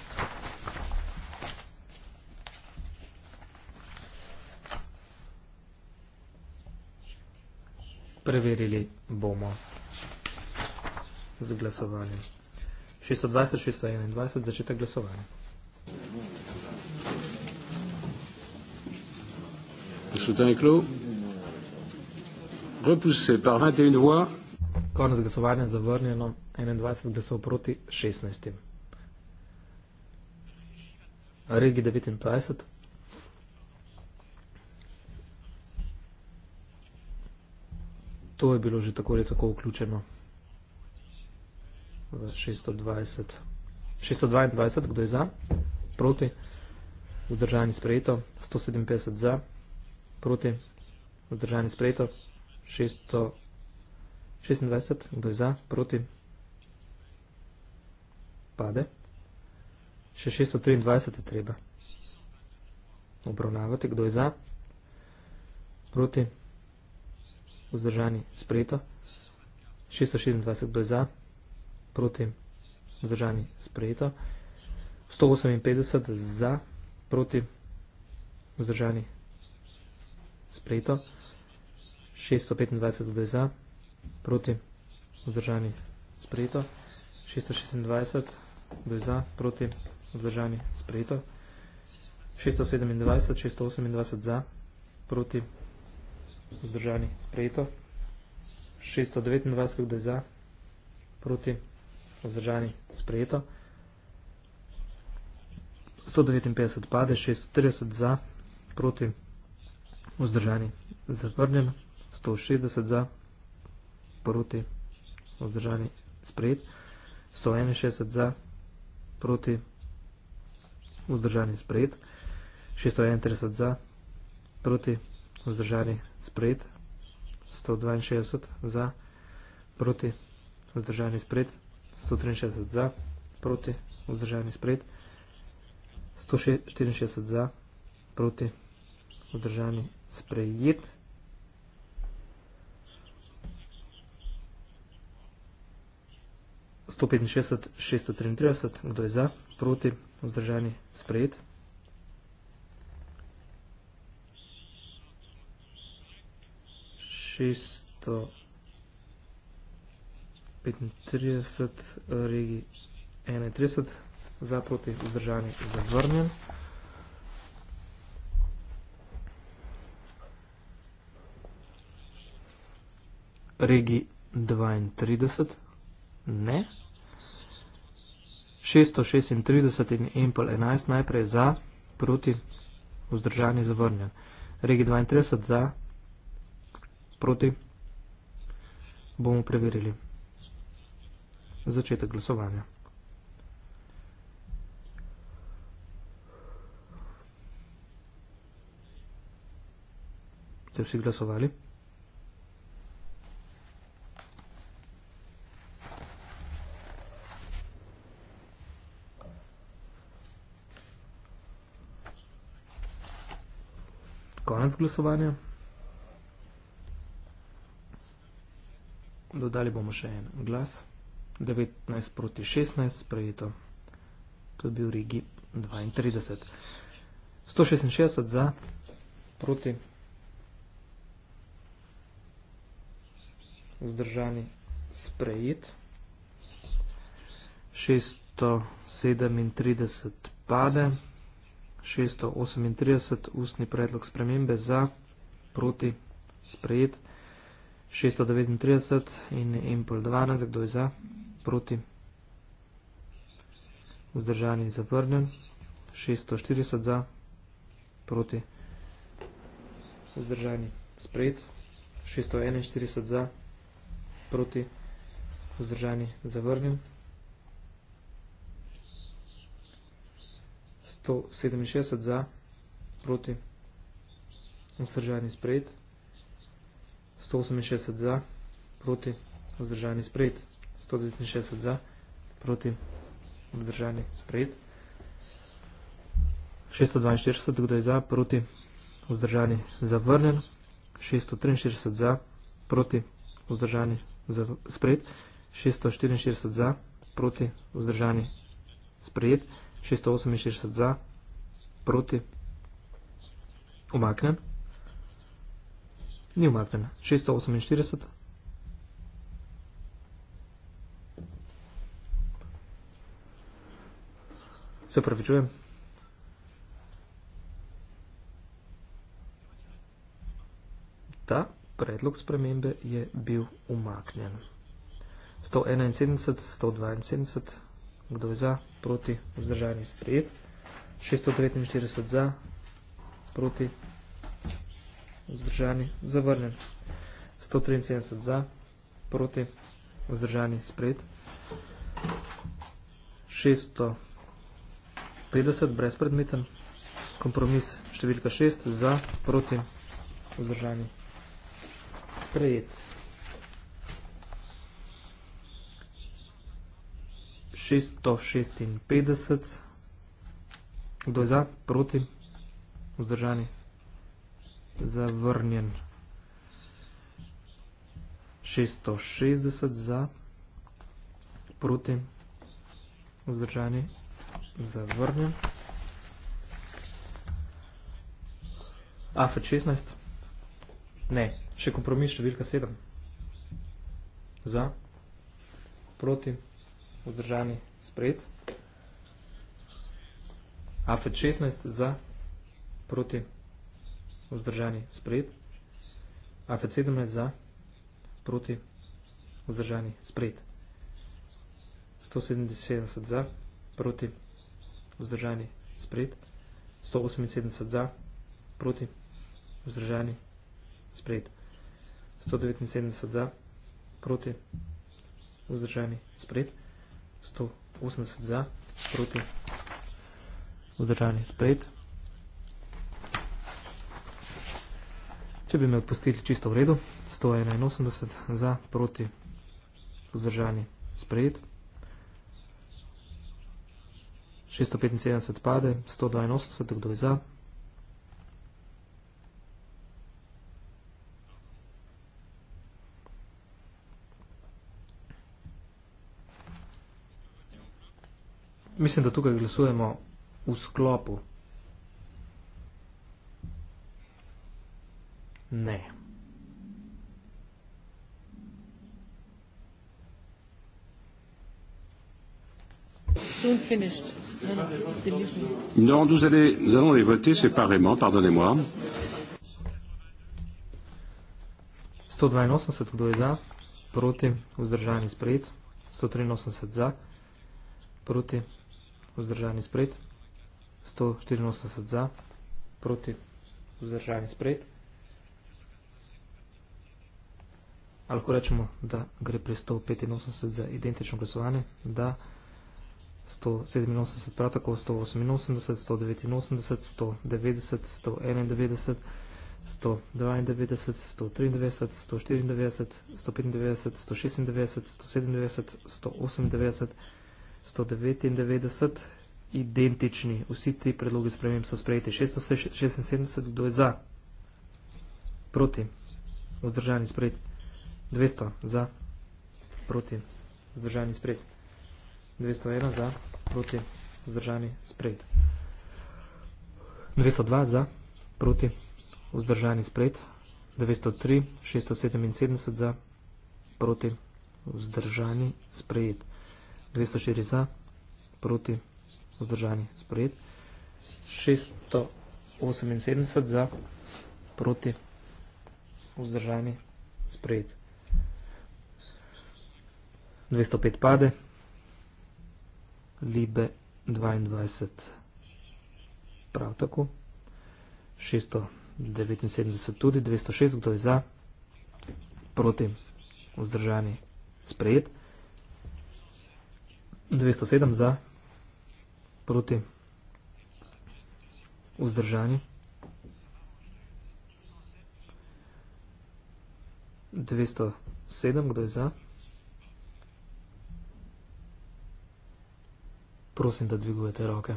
Preverili bomo z glasovanjem. 620, 621, začetek glasovanja. Repoussé par 21 voix. Konec glasovanja zavrnjeno, 21 glasov proti 16. Regi 29. to je bilo že tako ali tako vključeno v 620. 622, kdo je za, proti, vzdržani sprejeto, 157 za, proti, vzdržani sprejeto, 626, kdo je za, proti, pade, še 623 je treba obravnavati, kdo je za, proti, vzdržani spreto, 624 bil za, proti vzdržani spreto, 158 za, proti vzdržani spreto, 625 bil za, proti vzdržani spreto, 626 bil za, proti vzdržani spreto, 627, 628 za, proti vzdržani spreto, vzdržani, sprejeto. 629 ljudi za, proti, vzdržani, sprejeto. 159 pade, 630 za, proti, vzdržani, zavrnjen. 160 za, proti, vzdržani, sprejet. 161 za, proti, vzdržani, sprejet. 631 za, proti, vzdržani, sprejet vzdržani, spred, 162 za, proti, vzdržani, spred, 163 za, proti, vzdržani, spred, 164 za, proti, vzdržani, sprejet. 165, 633, kdo je za, proti, vzdržani, sprejet, 163. 635 regij 31, za proti vzdržanje zavrnjen. Regij 32, ne. 636 in Impel 11 najprej za, proti vzdržanje zavrnjen. Regij 32 za, Proti? Bomo preverili. Začetek glasovanja. Ste vsi glasovali? Konec glasovanja. dodali bomo še en glas. 19 proti 16, sprejeto. To je bil Rigi 32. 166 za, proti. Vzdržani, sprejet. 637 pade. 638 ustni predlog spremembe za, proti, sprejet. 639 in 1 pol 12, kdo je za, proti, vzdržan in zavrnen, 640 za, proti, vzdržan in spred, 641 za, proti, vzdržan in zavrnen, 167 za, proti, vzdržan in spred, 168 za, proti, vzdržani sprejet. 169 za, proti, vzdržani sprejet. 642, kdo je za, proti, vzdržani zavrnen. 643 za, proti, vzdržani sprejet. 644 za, proti, vzdržani sprejet. 648 za, proti, umaknen. Ni umaknjena. 648. Se pravi, čujem. Ta predlog spremembe je bil umaknjen. 171, 172, kdo je za, proti, vzdržajni sprejet, 649 za, proti, vzdržani, zavrnjen. 173 za, proti, vzdržani, spred. 650, brezpredmeten, kompromis številka 6, za, proti, vzdržani, sprejet. 656, kdo je za, proti, vzdržani, sprejet. Zavrnjen. 660 za. Proti. Vzdržani. Zavrnjen. AF16. Ne. Še kompromis številka 7. Za. Proti. Vzdržani. Spred. AF16 za. Proti. Proti vzdržani, spred. AFED 17 za, proti, vzdržani, spred. 177 za, proti, vzdržani, spred. 178 za, proti, vzdržani, spred. 179 za, proti, vzdržani, spred. 180 za, proti, vzdržani, spred. Če bi me odpustili čisto v redu, 181 za, proti, vzdržani, sprejet. 675 pade, 182, kdo je za. Mislim, da tukaj glasujemo v sklopu Ne. Non, nous, allez, nous allons les voter séparément, pardonnez-moi. 182 kdo je za, proti, vzdržani sprejet, 183 za, proti, vzdržani sprejet, 184 za, proti, vzdržani sprejet. lahko rečemo, da gre pri 185 za identično glasovanje, da 187 prav tako, 188, 189, 190, 191, 192, 193, 194, 195, 196, 197, 198, 199, identični. Vsi ti predlogi sprememb so sprejeti. 676, kdo je za? Proti. Vzdržani sprejeti. 200 za, proti, vzdržani spred. 201 za, proti, vzdržani spred. 202 za, proti, vzdržani spred. 203, 677 za, proti, vzdržani spred. 204 za, proti, vzdržani spred. 678 za, proti, vzdržani spred. 205 pade, Libe 22 prav tako, 679 tudi, 206, kdo je za, proti, vzdržani, sprejet, 207 za, proti, vzdržani, 207, kdo je za, 207, kdo je za, Prosim, da dvigujete roke.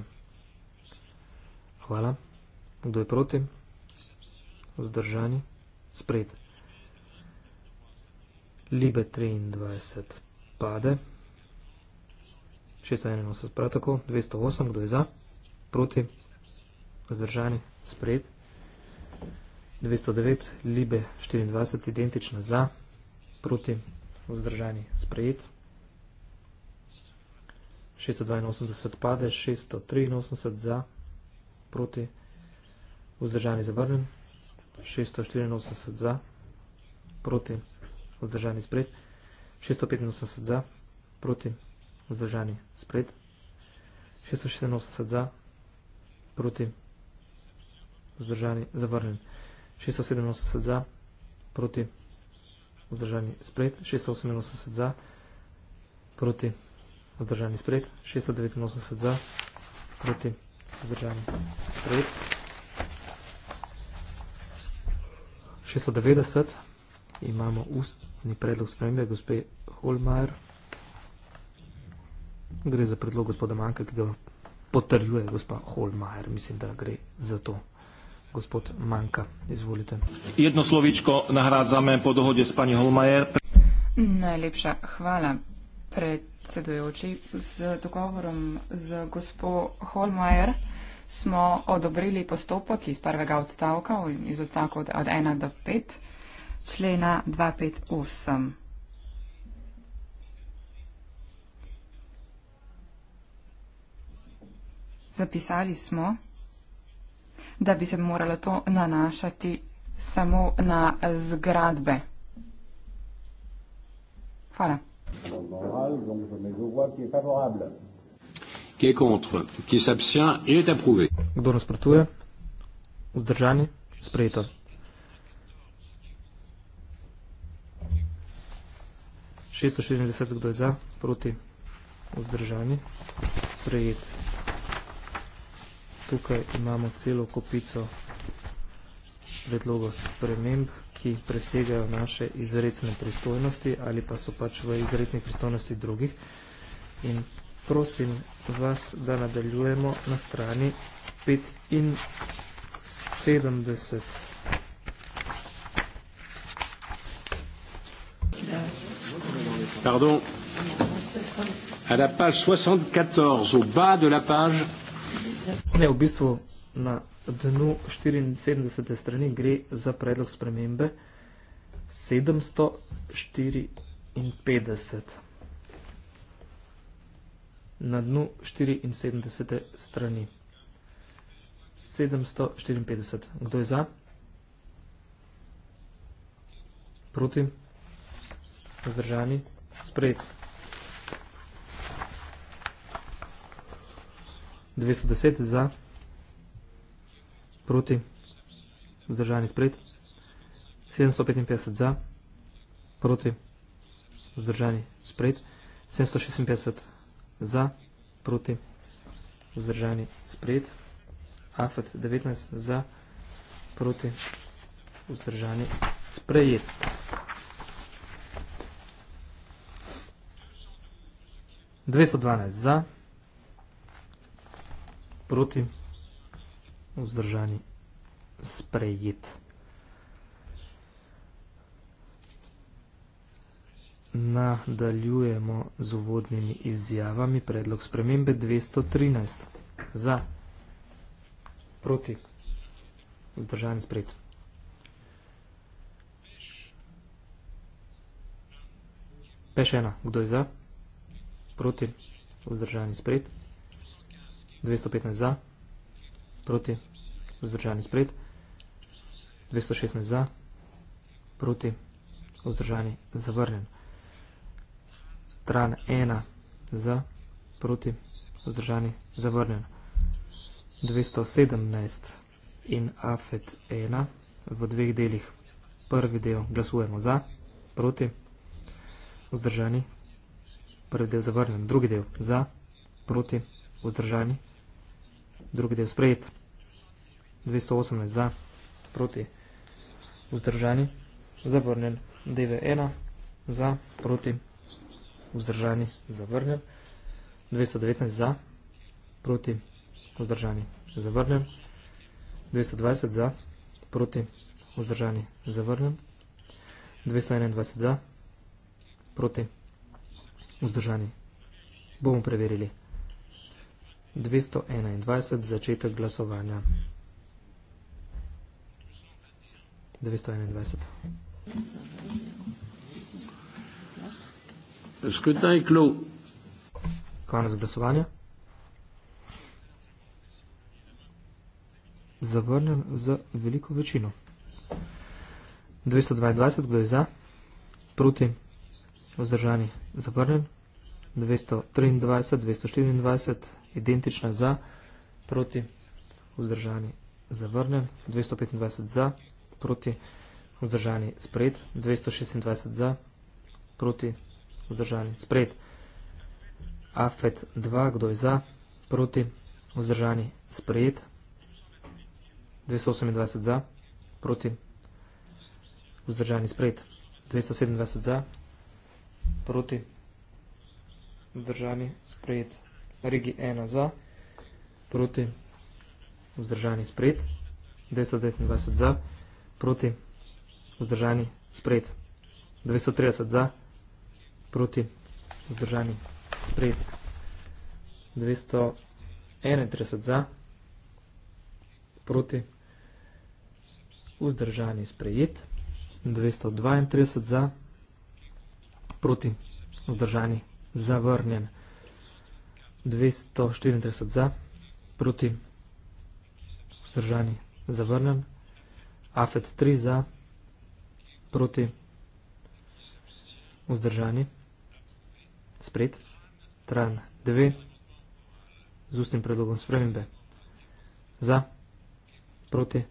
Hvala. Kdo je proti? Vzdržani. Spred. Libe 23 pade. 681 prav tako. 208. Kdo je za? Proti. Vzdržani. Spred. 209. Libe 24 identična za. Proti. Vzdržani. Spred. 682 pade, 683 za, proti, vzdržani zavrnen, 684 za, proti, vzdržani spred, 685 za, proti, vzdržani spred, 686 za, proti, vzdržani zavrnen, 687 za, proti, vzdržani spred, 688 za, proti, vzdržani spred, Vzdržani sprejet. 689 za. Proti. Vzdržani sprejet. 690. Imamo ustni predlog spremembe gospe Holmajer. Gre za predlog gospoda Manka, ki ga potrjuje gospa Holmajer. Mislim, da gre za to. Gospod Manka, izvolite. Jedno slovičko nahrad za me po dohodje s pani Holmajer. Najlepša hvala predsedujoči, z dogovorom z gospo Holmeier smo odobrili postopek iz prvega odstavka, iz odstavka od, od 1 do 5, člena 258. Zapisali smo, da bi se moralo to nanašati samo na zgradbe. Hvala donc je mets aux voix qui est favorable. Qui est contre Qui s'abstient Il est approuvé. Kdo nasprotuje? Vzdržani? Sprejeto. kdo je za? Proti? Vzdržani? Sprejeto. Tukaj imamo celo kopico predlogov sprememb, ki presegajo naše izredne pristojnosti ali pa so pač v izrednih pristojnosti drugih. In prosim vas, da nadaljujemo na strani 75. Pardon. À la page 74, au bas de la page. Ne, v bistvu na dnu 74. strani gre za predlog spremembe 754. Na dnu 74. strani. 754. Kdo je za? Proti? Zdržani? Sprejet. 210 za? proti, vzdržani spred, 755 za, proti, vzdržani spred, 756 za, proti, vzdržani spred, AFET 19 za, proti, vzdržani sprejet. Dvesto dvanajst za, proti, vzdržani spred vzdržani, sprejet. Nadaljujemo z uvodnimi izjavami. Predlog spremembe 213. Za. Proti. Vzdržani, sprejet. Peš ena. Kdo je za? Proti. Vzdržani, sprejet. 215 za proti, vzdržani spred, 216 za, proti, vzdržani zavrnjen. Tran 1 za, proti, vzdržani zavrnjen. 217 in AFET 1 v dveh delih. Prvi del glasujemo za, proti, vzdržani, prvi del zavrnjen, drugi del za, proti, vzdržani, zavrnjen. Drugi del sprejet. 218 za, proti vzdržani, zavrnjen. DV1 za, proti vzdržani, zavrnjen. 219 za, proti vzdržani, zavrnjen. 220 za, proti vzdržani, zavrnjen. 221 za, proti vzdržani. Bomo preverili. 221 začetek glasovanja. 221. Konec glasovanja. Zavrnjen za veliko večino. 222, kdo je za? Proti? Vzdržani? Zavrnjen? 223, 224? identična za, proti, vzdržani, zavrnen, 225 za, proti, vzdržani, spred, 226 za, proti, vzdržani, spred, AFET 2, kdo je za, proti, vzdržani, spred, 228 za, proti, vzdržani, spred, 227 za, proti, vzdržani, spred, 227 za, proti, vzdržani, spred, Regi 1 za, proti, vzdržani spred, 229 za, proti, vzdržani spred, 230 za, proti, vzdržani spred, 231 za, proti, vzdržani sprejet, 232 za, proti, vzdržani zavrnjen. 234 za, proti vzdržani zavrnen, AFET 3 za, proti vzdržani spred, tran 2 z ustnim predlogom spremembe za, proti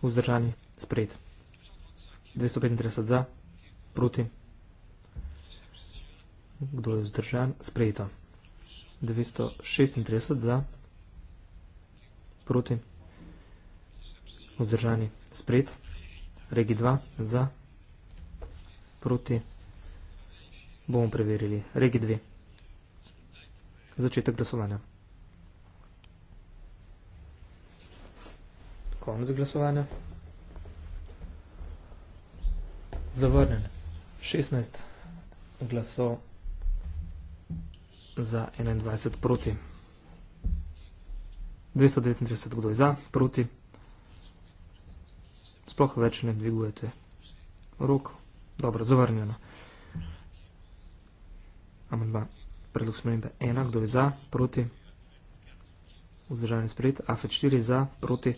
vzdržani spred, 235 za, proti kdo je vzdržan, sprejeto. 936 za, proti, vzdržani, spred, regi 2 za, proti, bomo preverili, regi 2. Začetek glasovanja. Konec glasovanja. Zavrnen. 16 glasov za 21 proti. 239 kdo je za, proti. Sploh več ne dvigujete rok. Dobro, zavrnjeno. Amandma. Predlog spremembe 1, kdo je za, proti. Vzdržanje spred. AF4 za, proti.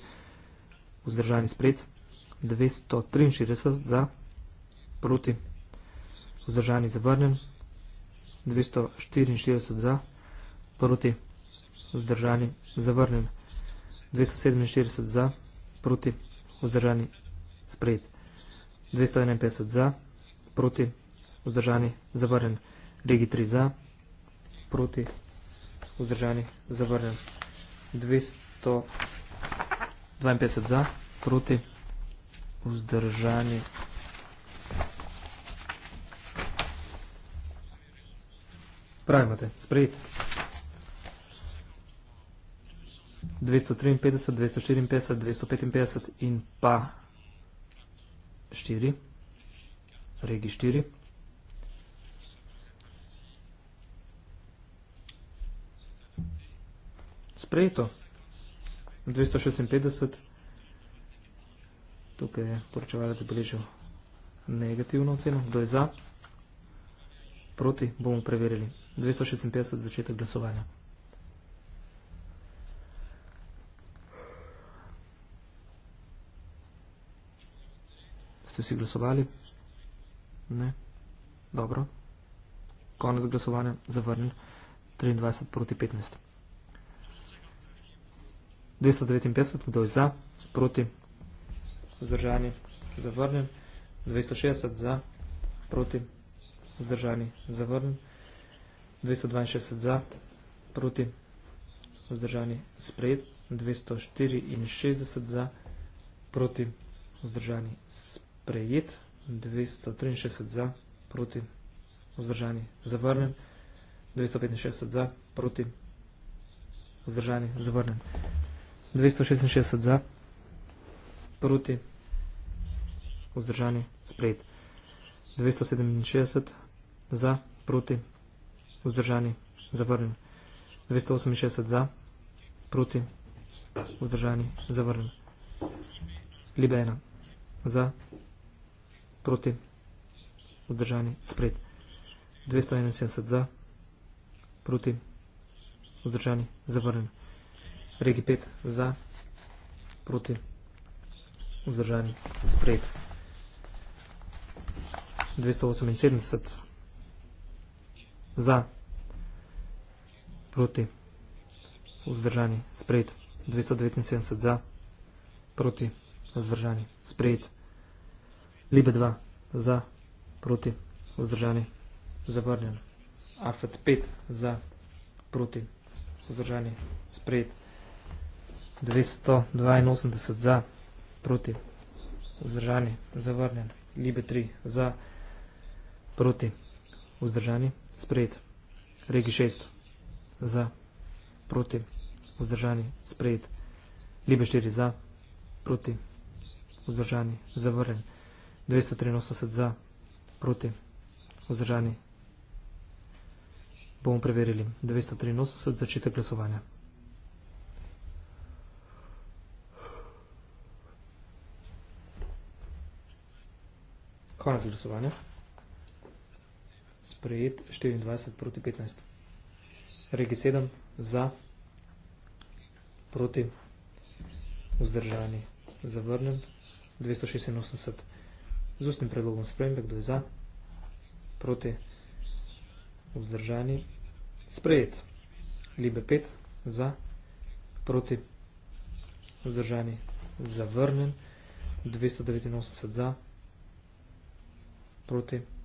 Vzdržanje spred. 263 za, proti. Vzdržanje zavrnjen. 244 za, proti, vzdržani, zavrnjen. 247 za, proti, vzdržani, sprejet. 251 za, proti, vzdržani, zavrnjen. Regi 3 za, proti, vzdržani, zavrnjen. 252 za, proti, vzdržani, zavrnjen. Prav imate, sprejet. 253, 254, 255 in pa 4, regi 4. Sprejeto. 256, tukaj je poročevalec beležil negativno oceno. Kdo je za? Proti bomo preverili. 256 začetek glasovanja. Ste vsi glasovali? Ne. Dobro. Konec glasovanja. Zavrnil. 23 proti 15. 259, kdo je za, proti, zdržanje, zavrnjen, 260 za, proti, zdržanje. Vzdržani zavrn. 262 za, proti. Vzdržani sprejet. 264 za, proti. Vzdržani sprejet. 263 za, proti. Vzdržani zavrnen. 265 za, proti. Vzdržani zavrnen. 266 za, proti. Vzdržani sprejet. 267 za, proti, vzdržani, zavrnjen. 268 za, proti, vzdržani, zavrnjen. Libe ena, za, proti, vzdržani, spred. 271 za, proti, vzdržani, zavrnjen. Regi pet, za, proti, vzdržani, spred. 278 za, proti, vzdržani, sprejet, 279 za, proti, vzdržani, sprejet, libe 2 za, proti, vzdržani, zavrnjen, afet 5 za, proti, vzdržani, sprejet, 282 za, proti, vzdržani, zavrnjen, libe 3 za, proti, vzdržani, sprejet, regi šest, za, proti, vzdržani, sprejet, libe štiri za, proti, vzdržani, zavrnen, 283 za, proti, vzdržani, bomo preverili, 283 začetek glasovanja. Hvala za glasovanje sprejet 24 proti 15. Regi 7 za, proti, vzdržani, zavrnen, 286 z ustnim predlogom spremembe, kdo je za, proti, vzdržani, sprejet. Libe 5 za, proti, vzdržani, zavrnen, 289 za, proti, vzdržani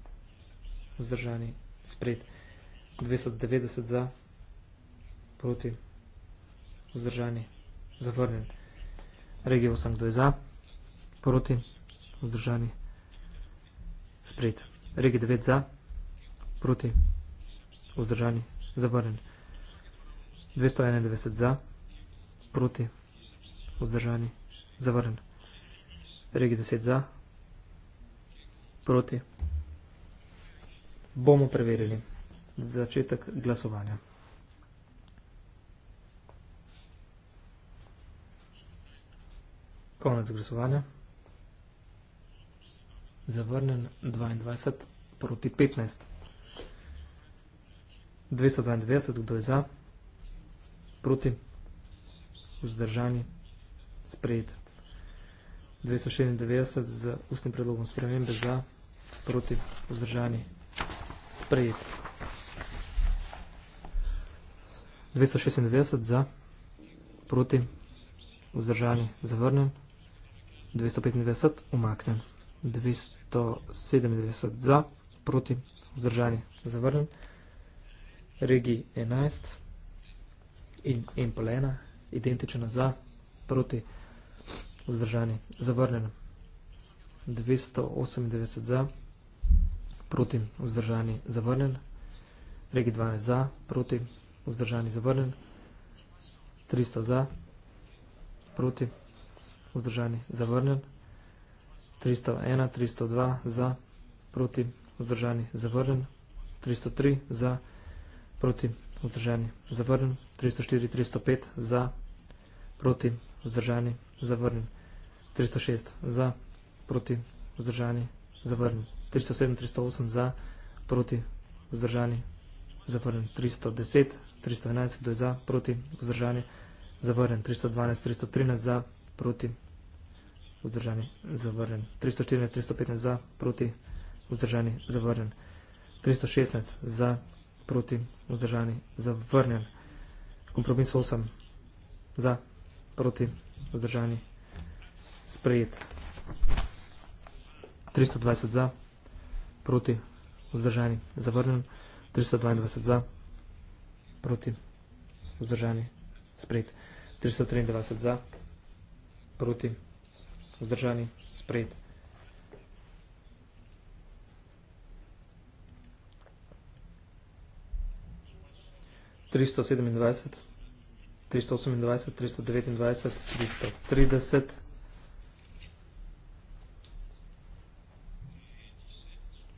vzdržani, sprejet. 290 za, proti, vzdržani, zavrnjen. Regija 8, kdo je za, proti, vzdržani, sprejet. Regija 9 za, proti, vzdržani, zavrnjen. 291 za, proti, vzdržani, zavrnjen. Regija 10 za, proti, vzdržani, zavrnjen. Bomo preverili začetek glasovanja. Konec glasovanja. Zavrnen 22 proti 15. 292, kdo je za? Proti? Vzdržani? Sprejet. 296 z ustnim predlogom spremembe za? Proti? Vzdržani? Sprejet. 296 za, proti, vzdržani, zavrnen, 295 umaknen, 297 za, proti, vzdržani, zavrnen, regi 11 in empl 1, identična za, proti, vzdržani, zavrnen, 298 za, proti, vzdržani, zavrnen, regi 12 za, proti, vzdržani, zavrnen, 300 za, proti, vzdržani, zavrnen, 301, 302 za, proti, vzdržani, zavrnen, 303 za, proti, vzdržani, zavrnen, 304, 305 za, proti, vzdržani, zavrnen, 306 za, proti, vzdržani, zavrnen, zavrnjen. 307, 308 za, proti, vzdržani, zavrnjen. 310, 311, kdo je za, proti, vzdržani, zavrnjen. 312, 313 za, proti, vzdržani, zavrnjen. 314, 315 za, proti, vzdržani, zavrnjen. 316 za, proti, vzdržani, zavrnjen. Kompromis 8 za, proti, vzdržani, sprejet. Thank you. 320 za, proti, vzdržani, zavrnjen, 322 za, proti, vzdržani, sprejet, 323 za, proti, vzdržani, sprejet. Tristo sedemindvajset, tristo osemindvajset, tristo devetindvajset, tristo trideset.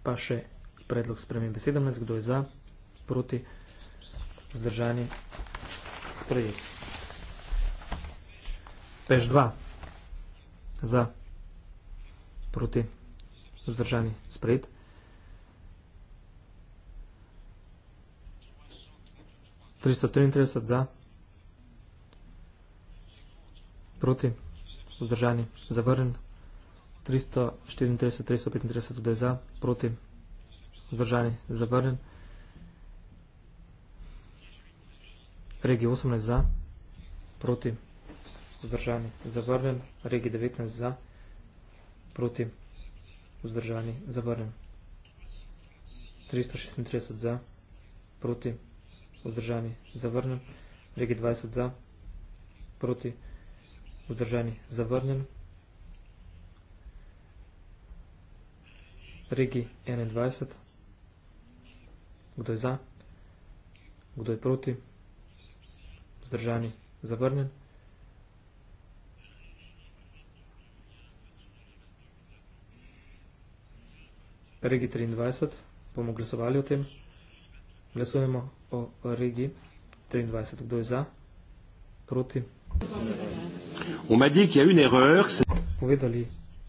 pa še predlog spremembe 17, kdo je za, proti, vzdržani, sprejeti. Peš 2, za, proti, vzdržani, sprejeti. Tristo trinintrideset za, proti, vzdržani, zavrnjen. 334-335 tudi za, proti, vzdržani, zavrnjen. Regi 18 za, proti, vzdržani, zavrnjen. Regi 19 za, proti, vzdržani, zavrnjen. 336 za, proti, vzdržani, zavrnjen. Regi 20 za, proti, vzdržani, zavrnjen. regi 21. Kdo je za? Kdo je proti? Zdržani, zavrnjen. Regi 23. Bomo glasovali o tem. Glasujemo o regi 23. Kdo je za? Proti? On m'a dit qu'il y a une erreur. Vous pouvez aller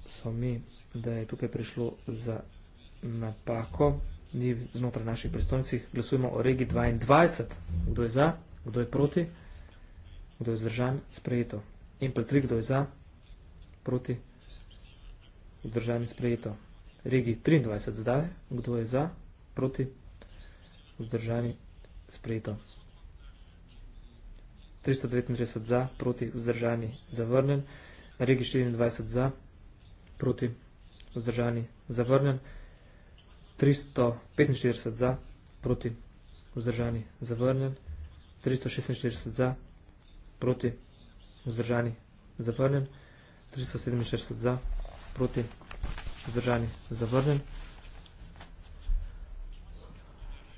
so mi, da je tukaj prišlo za napako, ni znotraj naših predstavnicih, glasujemo o regiji 22, kdo je za, kdo je proti, kdo je zdržan, sprejeto. In pa tri, kdo je za, proti, zdržan, sprejeto. Regiji 23 zdaj, kdo je za, proti, zdržan, sprejeto. 339 za, proti, vzdržani, zavrnen. Regi 24 za, proti, vzdržani, zavrnjen, 345 za, proti, vzdržani, zavrnjen, 346 za, proti, vzdržani, zavrnjen, 347 za, proti, vzdržani, zavrnjen,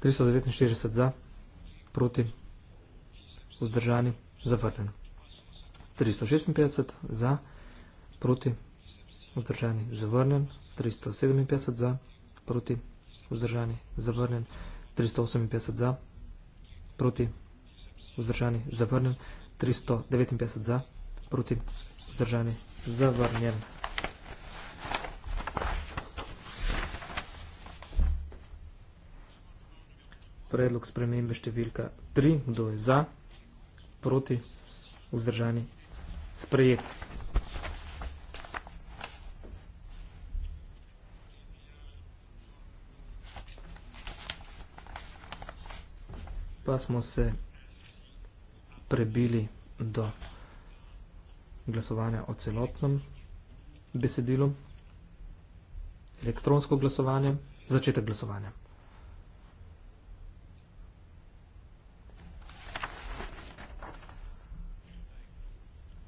349 za, proti, vzdržani, zavrnjen, 356 za, proti, vzdržani, zavrnjen. Вдържани. Завърнен. 357 за. Против. Вдържани. Завърнен. 308 за. Против. Вдържани. Завърнен. 309 за. Против. Вдържани. Завърнен. Предлог с премембе številка 3 до за, проти, уздържани, сприяти. pa smo se prebili do glasovanja o celotnem besedilu, elektronsko glasovanje, začetek glasovanja.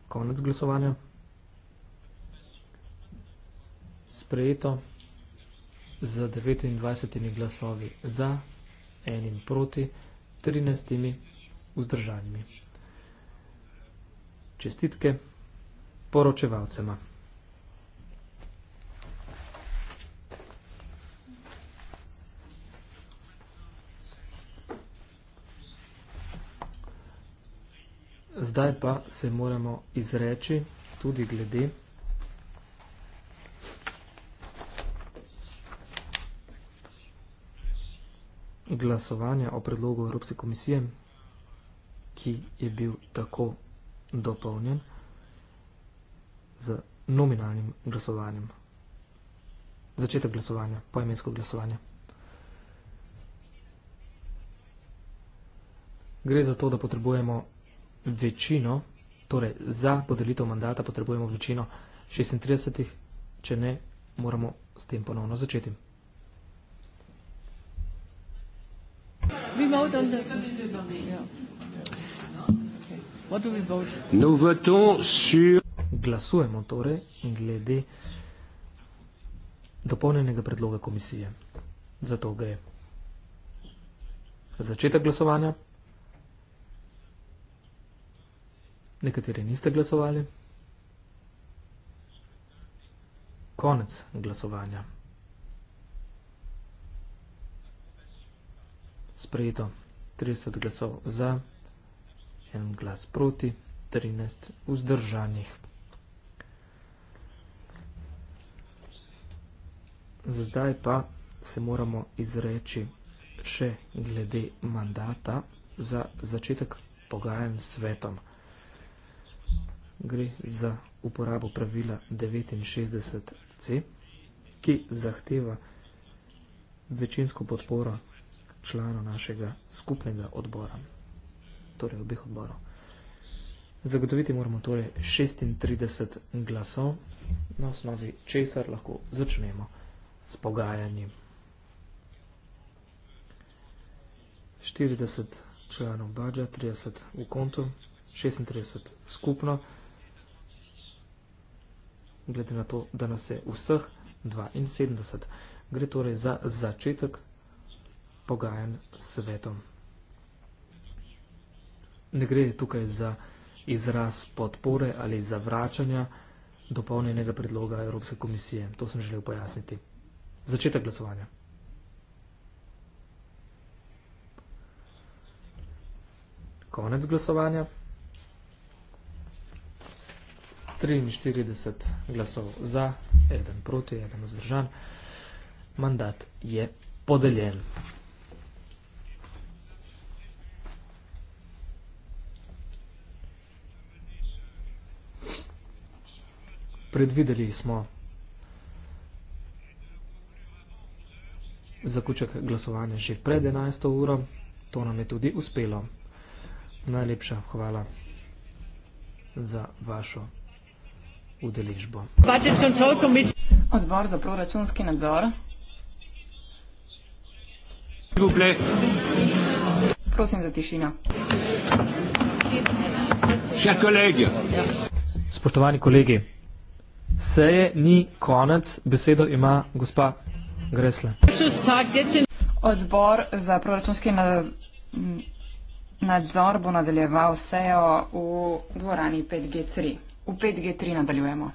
Konec glasovanja. Sprejeto z 29 glasovi za, enim proti, 13 vzdržanimi. Čestitke poročevalcema. Zdaj pa se moramo izreči tudi glede glasovanja o predlogu Evropske komisije, ki je bil tako dopolnjen z nominalnim glasovanjem. Začetek glasovanja, poemensko glasovanje. Gre za to, da potrebujemo večino, torej za podelitev mandata potrebujemo večino 36, če ne, moramo s tem ponovno začeti. Nous votons sur. Glasujemo torej glede dopolnjenega predloga komisije. Za to gre. Začetek glasovanja. Nekateri niste glasovali. Konec glasovanja. sprejeto 30 glasov za, en glas proti, 13 vzdržanih. Zdaj pa se moramo izreči še glede mandata za začetek pogajanj s svetom. Gre za uporabo pravila 69c, ki zahteva večinsko podporo članov našega skupnega odbora, torej obih odborov. Zagotoviti moramo torej 36 glasov, na osnovi česar lahko začnemo s pogajanjem. 40 članov bađa, 30 v kontu, 36 skupno, glede na to, da nas je vseh 72. Gre torej za začetek pogajanj s svetom. Ne gre tukaj za izraz podpore ali zavračanja dopolnjenega predloga Evropske komisije. To sem želel pojasniti. Začetek glasovanja. Konec glasovanja. 43 glasov za, eden proti, eden vzdržan. Mandat je podeljen. predvideli smo zaključek glasovanja že pred 11. uro, to nam je tudi uspelo. Najlepša hvala za vašo udeležbo. Odbor za proračunski nadzor. Prosim za tišino. Še kolegi. Spoštovani kolegi. Seje ni konec, besedo ima gospa Gresle. Odbor za proračunski nadzor bo nadaljeval sejo v dvorani 5G3. V 5G3 nadaljujemo.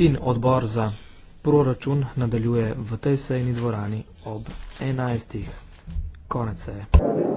In odbor za proračun nadaljuje v tej sejni dvorani ob 11. Konec seje.